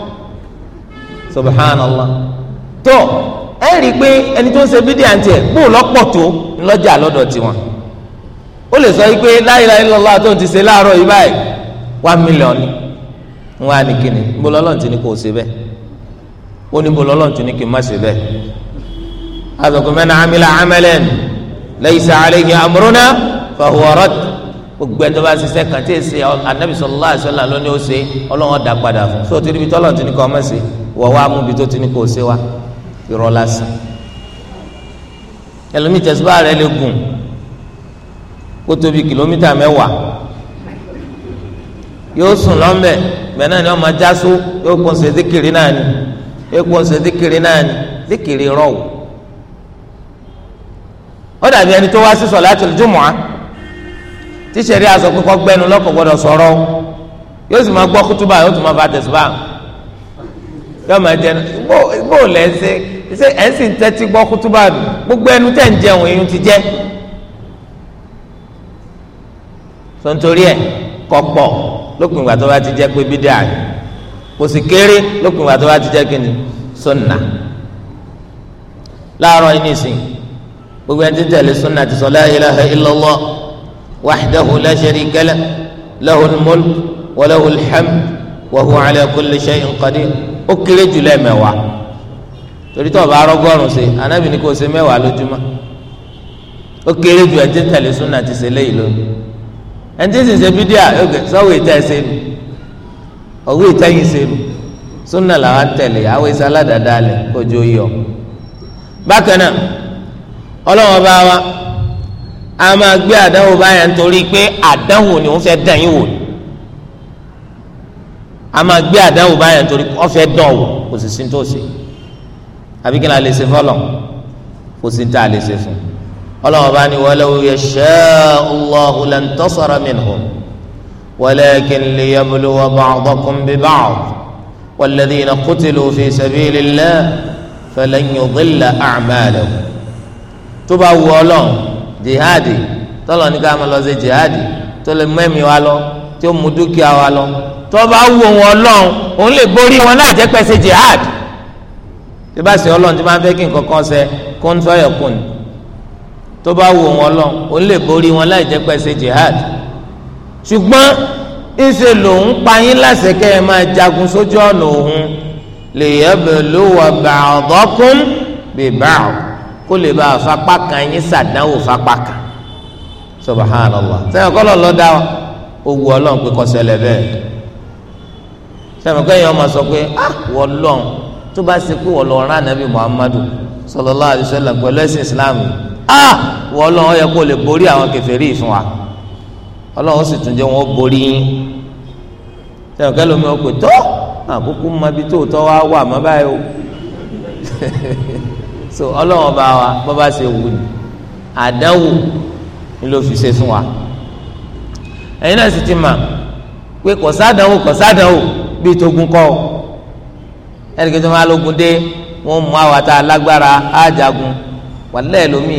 subhanallah tó ẹ rí i pé ẹni tó ń ṣe bídíà ń tiẹ̀ bó lọ́pọ̀ tó ńlọ́jà lọ́dọ̀ tiwọn ó lè sọ pé la ilaha illallah tó ń ti ṣe láàárọ̀ yìí báyìí one million ni wọn á ní kíni níbo lọ́lọ́run ti ní kó o ṣe bẹ́ẹ̀ ó ní níbo lọ́lọ́run ti ní kí n má ṣe bẹ́ẹ̀ azọkùn mẹ́ta amílà amẹ́lẹ́ni laysa alayhi amruna fahuwa radd gbogbo ẹni tó bá ṣiṣẹ́ anabi sallallahu alaihi wasallam ó ṣe ọlọ́run ọ̀dà padà fún sóòtú níbi tọ́lọ́run ti ní kó o má wọ́n wá múbi tó ti ní kó o ṣe wa irọ́ lásán ẹlòmíì tẹ̀síbá rẹ̀ lè gùn kó tóbi kìlómítà mẹ́wàá yóò sùn lọ́nbẹ̀ bẹ́ẹ̀ náà ni wọ́n máa jásó yóò kó ṣe díkìrì náà ni yóò kó ṣe díkìrì náà ni díkìrì rọ̀wù ó dàbí ẹni tó wá sí sọ̀látul jumu'ah tíṣẹ̀rí aṣọ pé kọ́ gbẹ́nu lọ́kọ̀ gbọ́dọ̀ sọ̀rọ̀ yóò sì máa gbọ́ kútúbà yóò tún máa bá tẹ̀síbá yóò máa jẹ bó bó lẹ ṣe ṣe ẹ sì ń tẹ́tí gbọ́ kútúbà gbogbo ẹnu tẹ̀ ń jẹun ẹ̀yún ti jẹ́ tontori ẹ kọpọ lópin ìgbà tó bá ti jẹ́ pé bídíà ni kò sì kéré lópin ìgbà tó bá ti jẹ́ kíni sunna láàárọ̀ yìí nìsín gbogbo ẹni tí tẹ̀lé sunna ti sọ la ilaha illallah wahdahu la sharika lahu lahul mulk wa lahul hamd wa huwa ala ó kéré jù lẹ́ẹ̀mẹ́wàá torí tó o bá rọgọ́rùn ṣe anábì ní kó o ṣe mẹ́wàá lójúmọ́ ó kéré jù ẹtí tẹ̀lé súnà ti ṣe léyìí lónìí ẹtí sì ṣe bídíà sọ́wọ́ ìtẹ́ ṣe nù ọ̀wọ́ ìtẹ́yìn ṣe nù súnà làwọn tẹ̀lé àwọn ìṣe aládàáda lẹ̀ kójú yọ. bákan náà ọlọ́wọ́n bá wa a máa gbé àdánwò báyà nítorí pé àdánwò ni òun fẹ́ dàn wò ni a máa gbé àdánwò báyẹn torí ọ̀fẹ́ dán o kò sì sí tó ṣe àbí kí n lè ṣe fọlọ kò sí tá a lè ṣe fún Ọlọ́run bá ní walau yasha'u Allahu lantasara minhum walakin liyabluwa ba'dakum bi ba'd walladhina qutilu fi sabilillah falan yudilla a'malahum tó bá wù Ọlọ́run jihadi tọlọ ní ká máa lọ sí jihadi tó lè mẹmí wa lọ tí ó mú dúkìá wa lọ tó bá wù wọn lọ́hùn òun lè borí wọn láì jẹ́ pẹ́sẹ́ jihad tí bá sì ọlọ́run tí máa ń fẹ́ kí nǹkan kan ṣe kó ń fẹ́ yọkùn ni tó bá wù wọn lọ́hùn òun lè borí wọn láì jẹ́ pẹ́sẹ́ jihad ṣùgbọ́n ńṣe lòun pa yín láṣẹ kẹ́ ẹ máa jagun sójú ọ̀nà òun lè yẹ bẹ̀rẹ̀ ló wà ba'dakum bi ba'd kó lè bá fapá kan yín ṣàdánwò fapá kan subhanallah sẹ́yìn ọkọ́ lọ́ọ́ lọ́ọ́ dá wa ó wu ọlọ́run pé kó ṣẹlẹ̀ bẹ́ẹ̀ sẹ́mi kẹ́yìn ọmọ sọ pé ah wọ́n lọ́n tó bá ṣe pé wọ́n lọ rán ànábì muhammadu sallallahu alaihi wasallam pẹ̀lú ẹ̀sìn islam ah wọ́n lọ́n ó yẹ kó lè borí àwọn kèfèrí fún wa ọlọ́run ó sì tún jẹ́ wọ́n borí yín sẹ́mi kẹ́lẹ́ omi ọkọ̀ tó àkókò mọbi tó tọ́ wá wà mọ́ báyìí o [laughs] so ọlọ́run ọba wa bọ́ bá ṣe wù ní àdánwò ni ló fi ṣe fún wa. ẹ̀yin náà sì ti mà pé kọ̀sádàwò kọ̀sádàwò bíi tógun ẹnìkan tó máa lógun dé wọ́n mú àwọn alágbára ájagun wàlẹ́ lómi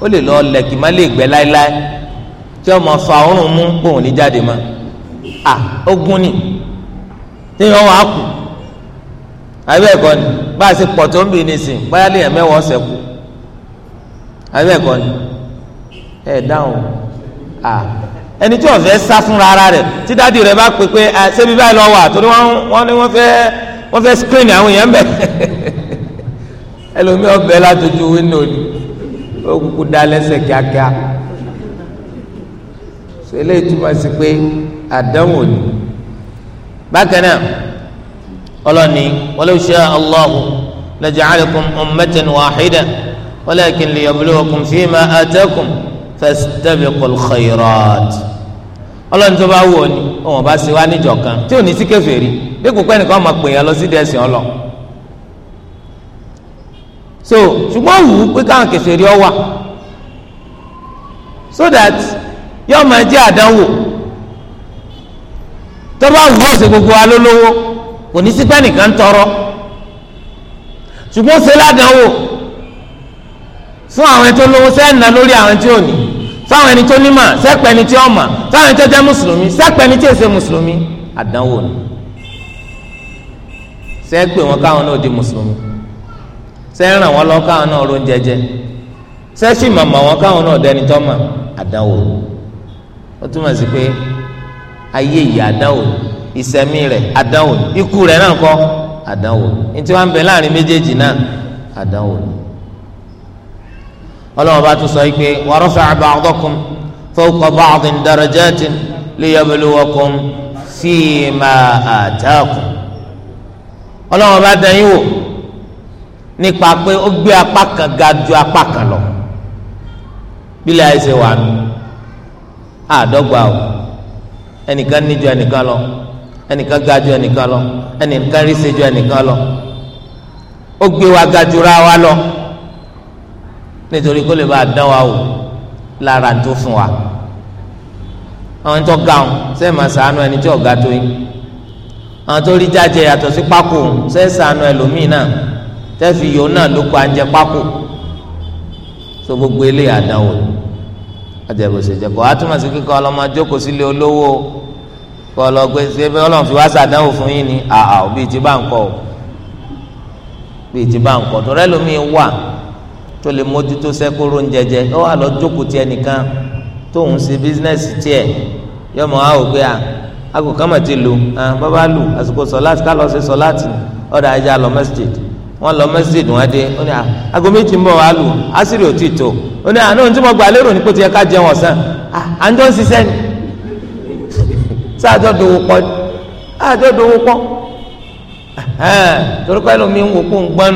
ó lè lọ lẹ̀kì má lè gbẹ láéláé tí wọ́n máa fa ọrùn mú gbòhùn ní ni tí kù ni bá a ni ẹni tí ọ̀fẹ́ sá fúnra ara rẹ̀ tí dáàdi rẹ̀ bá pè pé ṣébi báyìí lọ́wọ́ àtòrí wọ́n ní wọ́n fẹ́ wọ́n fẹ́ screen àwọn èèyàn bẹ̀ [laughs] ẹlòmíì ọbẹ̀ látọjú wíńdò ni ó kúkú dá lẹ́sẹ̀ kíákíá ṣe eléyìí túmọ̀ sí pé àdánwò ni bákan náà ọlọ́ni walau sha'a Allahu laja'alakum ummatan wahida walakin liyabluwakum fima atakum fastabiqul khayrat ọlọ́run tó bá wù ọ́ ni òun bá ṣe wá níjọ kan tí ò ní sí kèfèrí dípò pé ẹnìkan máa pè yẹn lọ sí dẹ́sìn ọlọ. so ṣùgbọ́n wù ú pé káwọn kèfèrí ọ wà so that yóò máa jẹ́ àdánwò tó bá wù ọ́ ṣe gbogbo wa lólówó kò ní sí pé ẹnìkan tọrọ ṣùgbọ́n ṣe ládánwò fún àwọn ẹni tó lówó sẹ́ẹ̀nà lórí àwọn tí ò ní fáwọn ẹni tó nímọ̀ sẹ́pẹ̀ ẹni tí ó mọ̀ fáwọn ẹni tó jẹ́ mùsùlùmí sẹ́pẹ̀ ẹni tí èsè mùsùlùmí àdánwò ni sẹ́pẹ̀ wọn káwọn náà di mùsùlùmí sẹ́ràn wọn lọ káwọn náà ló ń jẹjẹ sẹ́sì màmá wọn káwọn náà dẹni tó mọ̀ àdánwò ó túmọ̀ sí pé ayé yìí àdánwò ìsẹ̀mí rẹ̀ àdánwò ikú rẹ̀ náà kọ́ àdánwò ni ọlọ́wọ́n bá tún sọ yìí pé wa rafa'a ba'dakum fawqa ba'din darajatin liyabluwakum fima ataakum ọlọ́wọ́n bá dán yín wò nípa pé ó gbé apá kan ga ju apá kan lọ bílẹ̀ àìsè wà nù àdọ́gba o ẹnìkan ní ju ẹnìkan lọ ẹnìkan ga ju ẹnìkan lọ ẹnìkan rí ṣe ju ẹnìkan lọ ó gbé wa ga jura wa lọ nítorí kó lè bá a dán wa wò lára tó fún wa àwọn ẹni tó ga ọ ṣe é máa ṣàánú ẹni tí ọ̀gá tó yín àwọn tó rí jáde yàtọ̀ sí pákó ṣe é ẹlòmíì náà tẹ́fì yòó náà ló kó àjẹ pákó so gbogbo eléyà dánwò àjẹbòsèjẹkọ àtúmọ̀ sí kíkọ́ ọlọ́mọ jókòó sílé olówó kọ́ lọ gbé ṣe bí ọlọ́run fi wá ṣàdánwò fún yín ni àà bíi ti bá ń kọ́ bíi ti bá ń kọ́ tó rẹ́ lómi wà tó lè mójútó sẹ́kóró ń jẹjẹ ó wà lọ jókòó tiẹ̀ nìkan tóun ṣe bísínẹ́sì tiẹ̀ yọmọ a ò a akọ kama ti lu bàbá lu àsìkò sọláàtì ká lọ sí sọláàtì ọ̀dà ajá lọ mẹ́sítẹ̀dì wọ́n lọ mẹ́sítẹ̀dì wọn dé ó ní aago méjì ń bọ̀ wá lu àṣírí ò tí tó ó ní àná ohun ni dòwò dòwò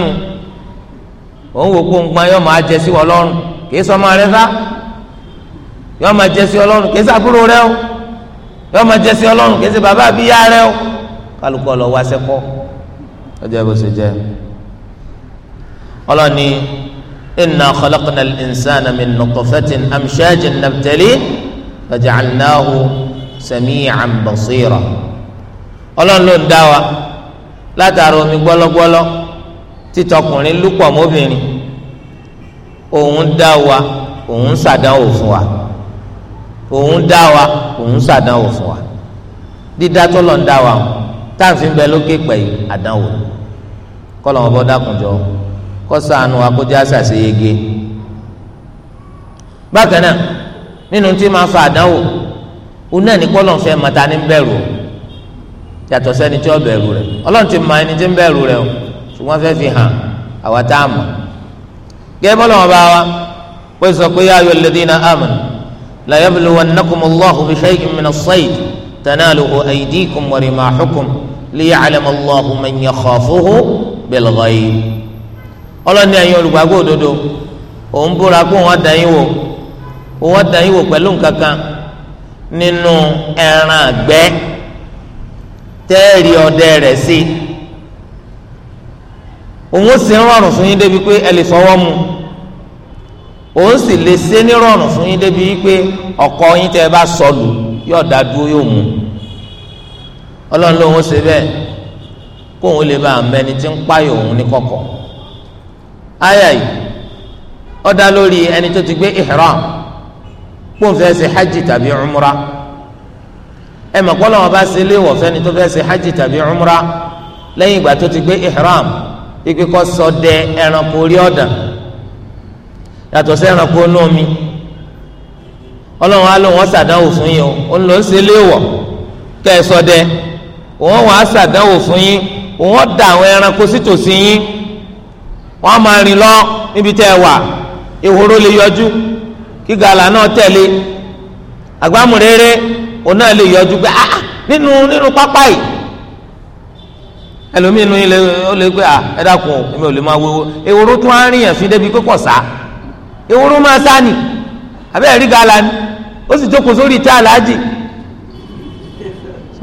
òun wò kó nǹkan yọ máa jẹ sí wọn lọ́rùn kì í sọ ọmọ rẹ sá yọ máa jẹ sí ọlọ́run kì í sàbúrò rẹ o yọ máa jẹ sí ọlọ́run kì í sẹ bàbá àbíyá rẹ o kálukú ọlọ wá sẹkọ ọjọ ìbò ṣe jẹ ọlọ́ni inna khalaqna al-insana min nutfatin amshajin nabtali faja'alnahu sami'an basira ọlọ́run ló ń dá wa látara omi gbọ́lọ́gbọ́lọ́ títọkùnrin lúpọ̀ mọ́bìnrin òun dá wa òun ṣàdánwò fún wa òun dá wa òun ṣàdánwò fún wa dídá tọ́lọ̀ ń dá wa táàfin bẹ lókè pẹ̀ yìí àdánwò kọ́lọ̀ wọn bọ́ dákunjọ kó ṣàánú wa kó jẹ́ àṣàṣe yege bákan náà nínú tí máa fa àdánwò òun náà ní kọ́lọ̀ ń fẹ́ mọ̀ta ní bẹ̀rù yàtọ̀ sẹ́ni tí ó bẹ̀rù rẹ̀ ọlọ́run ti mọ ẹni tí ń bẹ̀rù rẹ̀ o ṣùgbọ́n fẹ́ẹ́ fi hàn àwa tá a mọ̀ gẹ́gẹ́ bọ́lá wọn bá wa pé sọ pé yáa yọ lẹ́dínà amọ̀ la yabluwannakum allahu bi shay'in min as-sayd tanaluhu aydikum wa rimahukum liya'lama allahu man yakhafuhu bil ghayb ọlọ́ni ẹ̀yin olùgbàgbọ́ òdodo òun búra kó wọn dàn yín wò wọn dàn yín wò pẹ̀lú nǹkan nínú ẹran àgbẹ́ tẹ́ẹ̀rì ọdẹ rẹ̀ sí i. òun ó sì ń rọrùn fún yín débi pé ẹ lè fọwọ́ mu òun sì lè ṣe ní rọrùn fún yín débi pé ọkọ yín tẹ bá sọlù yóò dá dúró yóò mu ọlọ́run lòun ṣe bẹ́ẹ̀ kó òun lè bá àmẹ́ni tí ń páyọ̀ òun ní kọ̀kọ̀ yìí ó lórí ẹni tó ti gbé ihram kó n fẹ́ ṣe hajj tàbí umra ẹ mọ̀ pé bá ṣe léwọ̀ fẹ́ni tó fẹ́ ṣe hajj tàbí umra lẹ́yìn ìgbà tó ti gbé ikpe kọ ṣọdẹ ẹranko orí ọ̀dàn yàtọ̀ sí ẹranko inú omi ọlọ́run á lò fún yín o òun ló ń ṣe léèwọ̀ kẹ́ ẹ ṣọdẹ òun fún da àwọn ẹranko sítòsí yín wọ́n á ama rìn lọ níbi tẹ́ wà ehoro le yọjú kí gala náà tẹ̀lé àgbàmù rere òun náà lè n'inu ah, ah nínú ẹlòmíì inú yín ó lè gbé à ẹ dákun o èmi ò lè máa wéwo ehoro tún á rìn yàn fi débi pé kò sá máa sá ni àbẹ́ ẹ̀rí gala ni ó sì jókòó sórí ìta aláàjì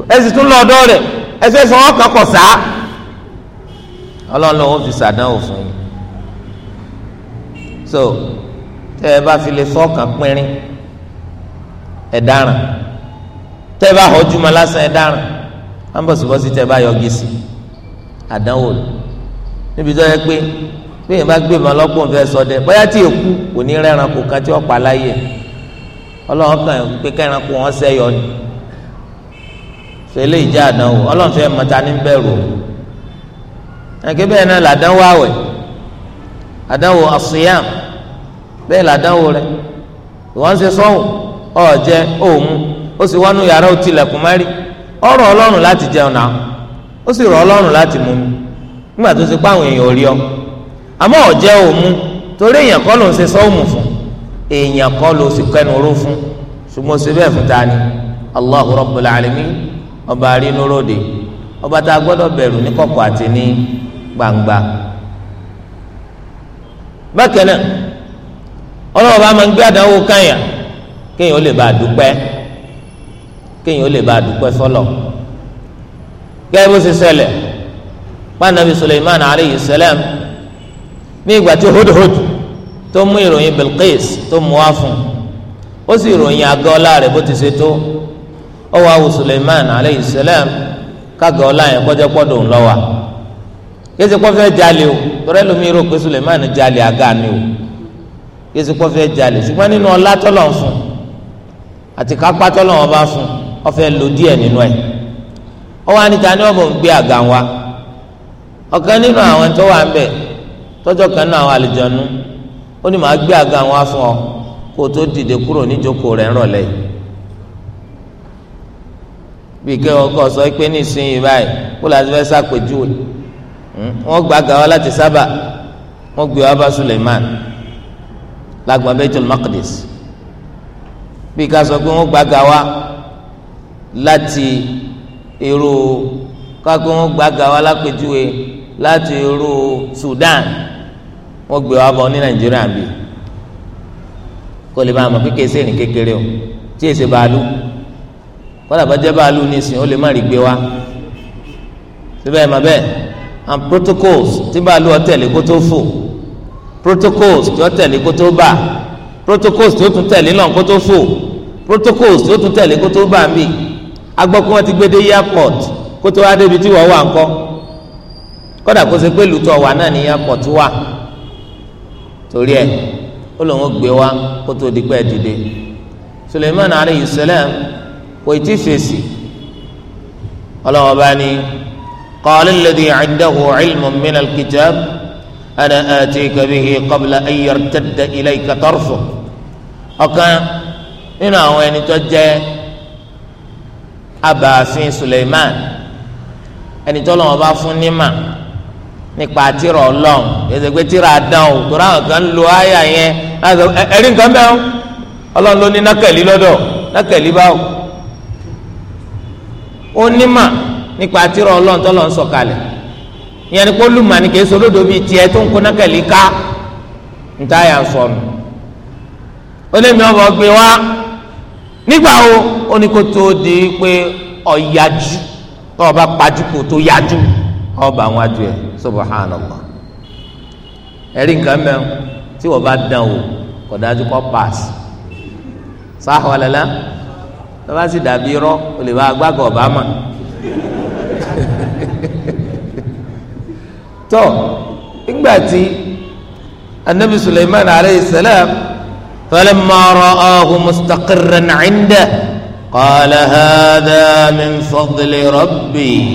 ẹ sì tún lọ ọ̀dọ̀ rẹ̀ ẹ fẹ́ sọ ọkàn kò sá ọlọ́run ló ń fi sàdánwò fún yín so tẹ́ ẹ bá fi lè fọ́ọ̀kan pínrín ẹ dáràn tẹ́ ẹ bá họjú ma lásán ẹ dáràn á ń ẹ bá sí i. àdánwò níbi tó yẹ pé bí yẹn bá gbé ìmọ̀ ọlọ́pọ̀ ń fẹ́ ṣọdẹ bóyá tí èkú kò ní rẹ́ran kò tí ó pa láyè ọlọ́run kàn yín pé kẹ́ran kó wọ́n sẹ́yọ ni ìjà àdánwò ọlọ́run fẹ́ mọ̀ta ní o ẹ̀kẹ́ bẹ́ẹ̀ náà làdánwò àwẹ̀ àdánwò àsùnyàm bẹ́ẹ̀ làdánwò òun ó sì yàrá mẹ́rin ọ̀rọ̀ ọlọ́run láti jẹun náà. o sì rọ ọlọ́run láti mú mi nígbà tó ti pa èèyàn ọ àmọ́ ọ̀jẹ́ ò mú torí èèyàn kọ́ ló ń ṣe sọ́ọ̀mù fún èèyàn kọ́ ló sì kẹ́nu ró fún ṣùgbọ́n ṣe bẹ́ẹ̀ fún tani Allahu ọba arínúróde ọba tá a gbọ́dọ̀ bẹ̀rù ní àti ní ọlọ́wọ́ bá máa ń gbé àdánwò káyà kéèyàn ó lè bá a dúpẹ́ kéèyàn ó lè bá a dúpẹ́ fọlọ́ọ̀ gẹ́gẹ́ bó ṣe ṣẹlẹ̀ pàǹdàbí Suleiman aleyhi salam ní ìgbà tí hudhud tó mú ìròyìn Bilqis tó mú wá fún ó sì ròyìn àga ọlá rẹ̀ bó ti ṣe tó ó wá wù Suleiman aleyhi salam kága ọlá yẹn kọjá pọ́dọ̀ ńlọ́wà kéésì kó fẹ́ jalè o tọ́lẹ́ lómi rò pé Suleiman jalè àga ni o kéésì kó fẹ́ jalè ṣùgbọ́n nínú ọlá tọ́lọ̀ ń fún àti kápá tọ́lọ̀ wọn bá fún ọ fẹ́ lò díẹ̀ nínú ẹ̀ ọwọ́ anita ni wọ́n bọ̀ ń gbé àga wa ọ̀kan nínú àwọn tó wà ń bẹ̀ tọ́jọ́ kan nínú àwọn àlùjọ́nú ó ní màá gbé àga wa fún ọ kó o tó dìde kúrò níjókòó rẹ̀ ńrọ̀lẹ́ bí kẹ́ ọ sọ pé nísìnyí báyìí kó láti fẹ́ sàpèjúwe hmm, wọ́n gba àga wa láti sábà wọ́n gbé wa bá Suleiman lágbọn Baitul Maqdis bí ká sọ pé wọ́n gba àga wa láti irú kákó wọn gbàgà wa lápèjúwe láti irú Sudan wọn gbé wa bọ ní Nàìjíríà bíi kó lè máa mọ pé kéésì ní kékeré o tí èsè bàálù kọ́lá bá jẹ́ bàálù nísìnyí ó lè má rí gbé wa síbẹ̀ mà bẹ́ẹ̀ and protocols tí bàálù ọ̀tẹ̀lẹ̀ kó tó fò protocols tí ọ̀tẹ̀lẹ̀ kó tó bà protocols tí ó tún tẹ̀lé náà kó tó fò protocols tí ó tún tẹ̀lé kó tó bà mí agbọ́kọ́ wọn ti gbé dé airport kó tó wá débi tí wọ́n wà ńkọ́ kódà kó ṣe pé lùtọ̀ wà náà ní airport wà torí ẹ̀ ó lòun gbé wá kó tó di pẹ́ dìde Suleiman aleyhi salam kò tí fèsì ọlọ́wọ́n bá ní qala alladhi indahu ilmun min al-kitab ana atika bihi qabla an yartadda ilayka ọ̀kan nínú àwọn ẹni tó jẹ́ abaafin Suleiman ẹni tọ́lọ́ wọn bá fún nímà nípa tírà ọlọ́run ẹsẹ̀ pé tírà o tó kan lo àyà yẹn ẹ̀rí nǹkan bẹ́ẹ̀ ọlọ́run ló ní nákẹ́lí lọ́dọ̀ nákẹ́lí ó nímà nípa ọlọ́run tọ́lọ́ ń sọ̀kalẹ̀ ìyẹn ni kó lùmà ní kìí sọlódò bíi tiẹ̀ tó ń kó nákẹ́lí ká ń táyà sọnù nígbà wo ó ní kó tó di pé ọ̀yájú tó o tó yájú ọba àwọn adùn ẹ̀ subhanallah ẹ̀rí nǹkan mẹ́rin tí bá dán o kò dájú kó pass sáhùn alẹ́lá tó bá sì dàbí irọ́ o lè bá agbága ọba mà tó tí anabi Sulaiman aleyhi salam. فلما رآه مستقرا عنده قال هذا من فضل ربي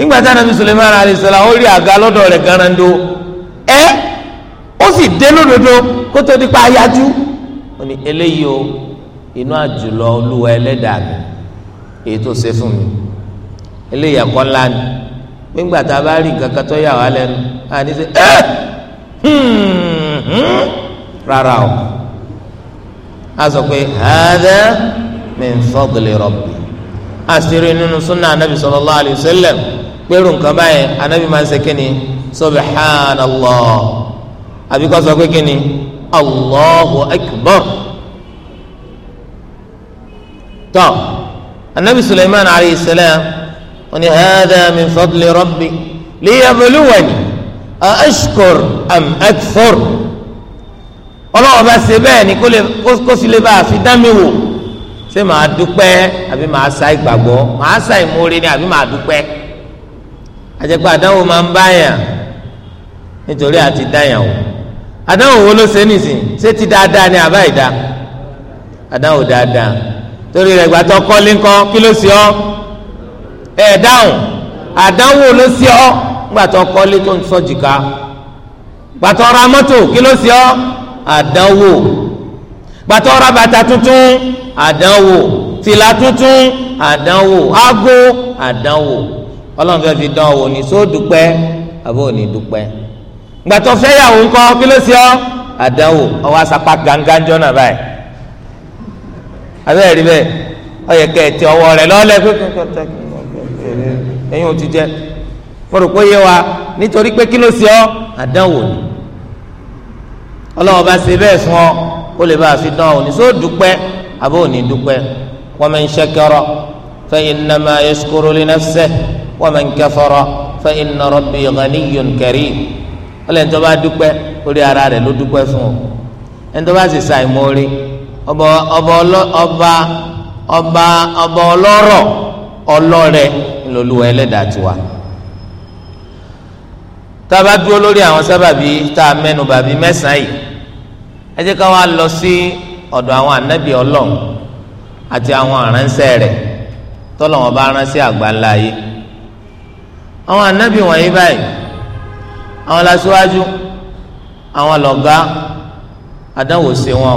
nígbà tí anabi suleiman alayisalaam ó rí àga lọ́dọ̀ rẹ̀ garando ẹ ó sì dé lódodo kó tó di pa ayájú ó ní eléyìí o inú àjùlọ olúwa ẹlẹ́dàá mi èyí tó ṣe fún mi eléyìí ẹ̀kọ́ ńlá ni nígbà tá a bá rí nǹkan kan tó yà wá lẹ́nu àní ṣe ẹ́ hùn hùn rárá o a sọ pé hàdà min fadli rabbi àṣírí nínú sunna anabi sallallahu alayhi wa sallam gbẹrù nǹkan báyẹn anabi máa ń ṣe kíni subhanallah àbí kó sọ pé kíni allahu akbar tọ anabi suleiman alayhi salam ó ní hàdà min fadli rabbi liyabluwani a ashkur am akfur. ọlọ́wọ́ bá ṣe bẹ́ẹ̀ ni kó sì lè bá a fi dán mi wò ṣé màá dúpẹ́ àbí màá sa ìgbàgbọ́ màá sa ìmoore ni àbí màá dúpẹ́ àjẹpẹ́ àdáwò máa ń báyàn nítorí àti dáyàn wò wo ló ṣe nìsín ṣé ti dáadáa ni àbá ìdá dáadáa torí kọ́lé kí ló ṣe dáhùn ló ṣe ra mọ́tò kí àdánwò gbàtọ́ ra bàtà tuntun àdánwò fìlà tuntun àdánwò aago àdánwò ọlọ́run fẹ́ fi dán wò ní só dúpẹ́ àbó ní dúpẹ́ gbàtọ́ fẹ́yàwó ńkọ́ kí ló ṣe ọ́ àdánwò ọwọ́ asapá ganganjọ́ náà báyìí abẹ́rẹ́ rí bẹ́ẹ̀ ọ yẹ kẹ́ ẹ ti ọwọ́ rẹ lọ́lẹ̀ pé ẹ̀yin ò pé yé wa nítorí pé kí ló ṣe ọ́ àdánwò ni ọlọ́run bá ṣe bẹ́ẹ̀ fún ọ kó lè bá a fi dán òní só dúpẹ́ àbó òní dúpẹ́ wa man shakara fa innama yashkuru li nafsihi wa man kafara fa inna rabbi ghaniyyun karim ọlọ́run tó bá dúpẹ́ orí ara rẹ̀ ló dúpẹ́ fún ọ ẹni bá sì ṣàìmọ́ọ́rí ọba ọba ọlọ́rọ̀ ọlọ́rẹ̀ ńlọlúwa ẹlẹ́dàá tiwa tá a bá dúró lórí àwọn sábàbí tá a mẹ́nu bàbí mẹ́sàn-án yìí ẹ jẹ́ ká wá lọ sí ọ̀dọ̀ àwọn ànábì ọlọ́run àti àwọn àránṣẹ́ rẹ̀ tọ́lọ́wọ́n bá ránṣẹ́ àgbáńlá yìí àwọn ànábì wọ̀nyí báyìí àwọn lásìwájú àwọn lọ̀gá àdánwò wọn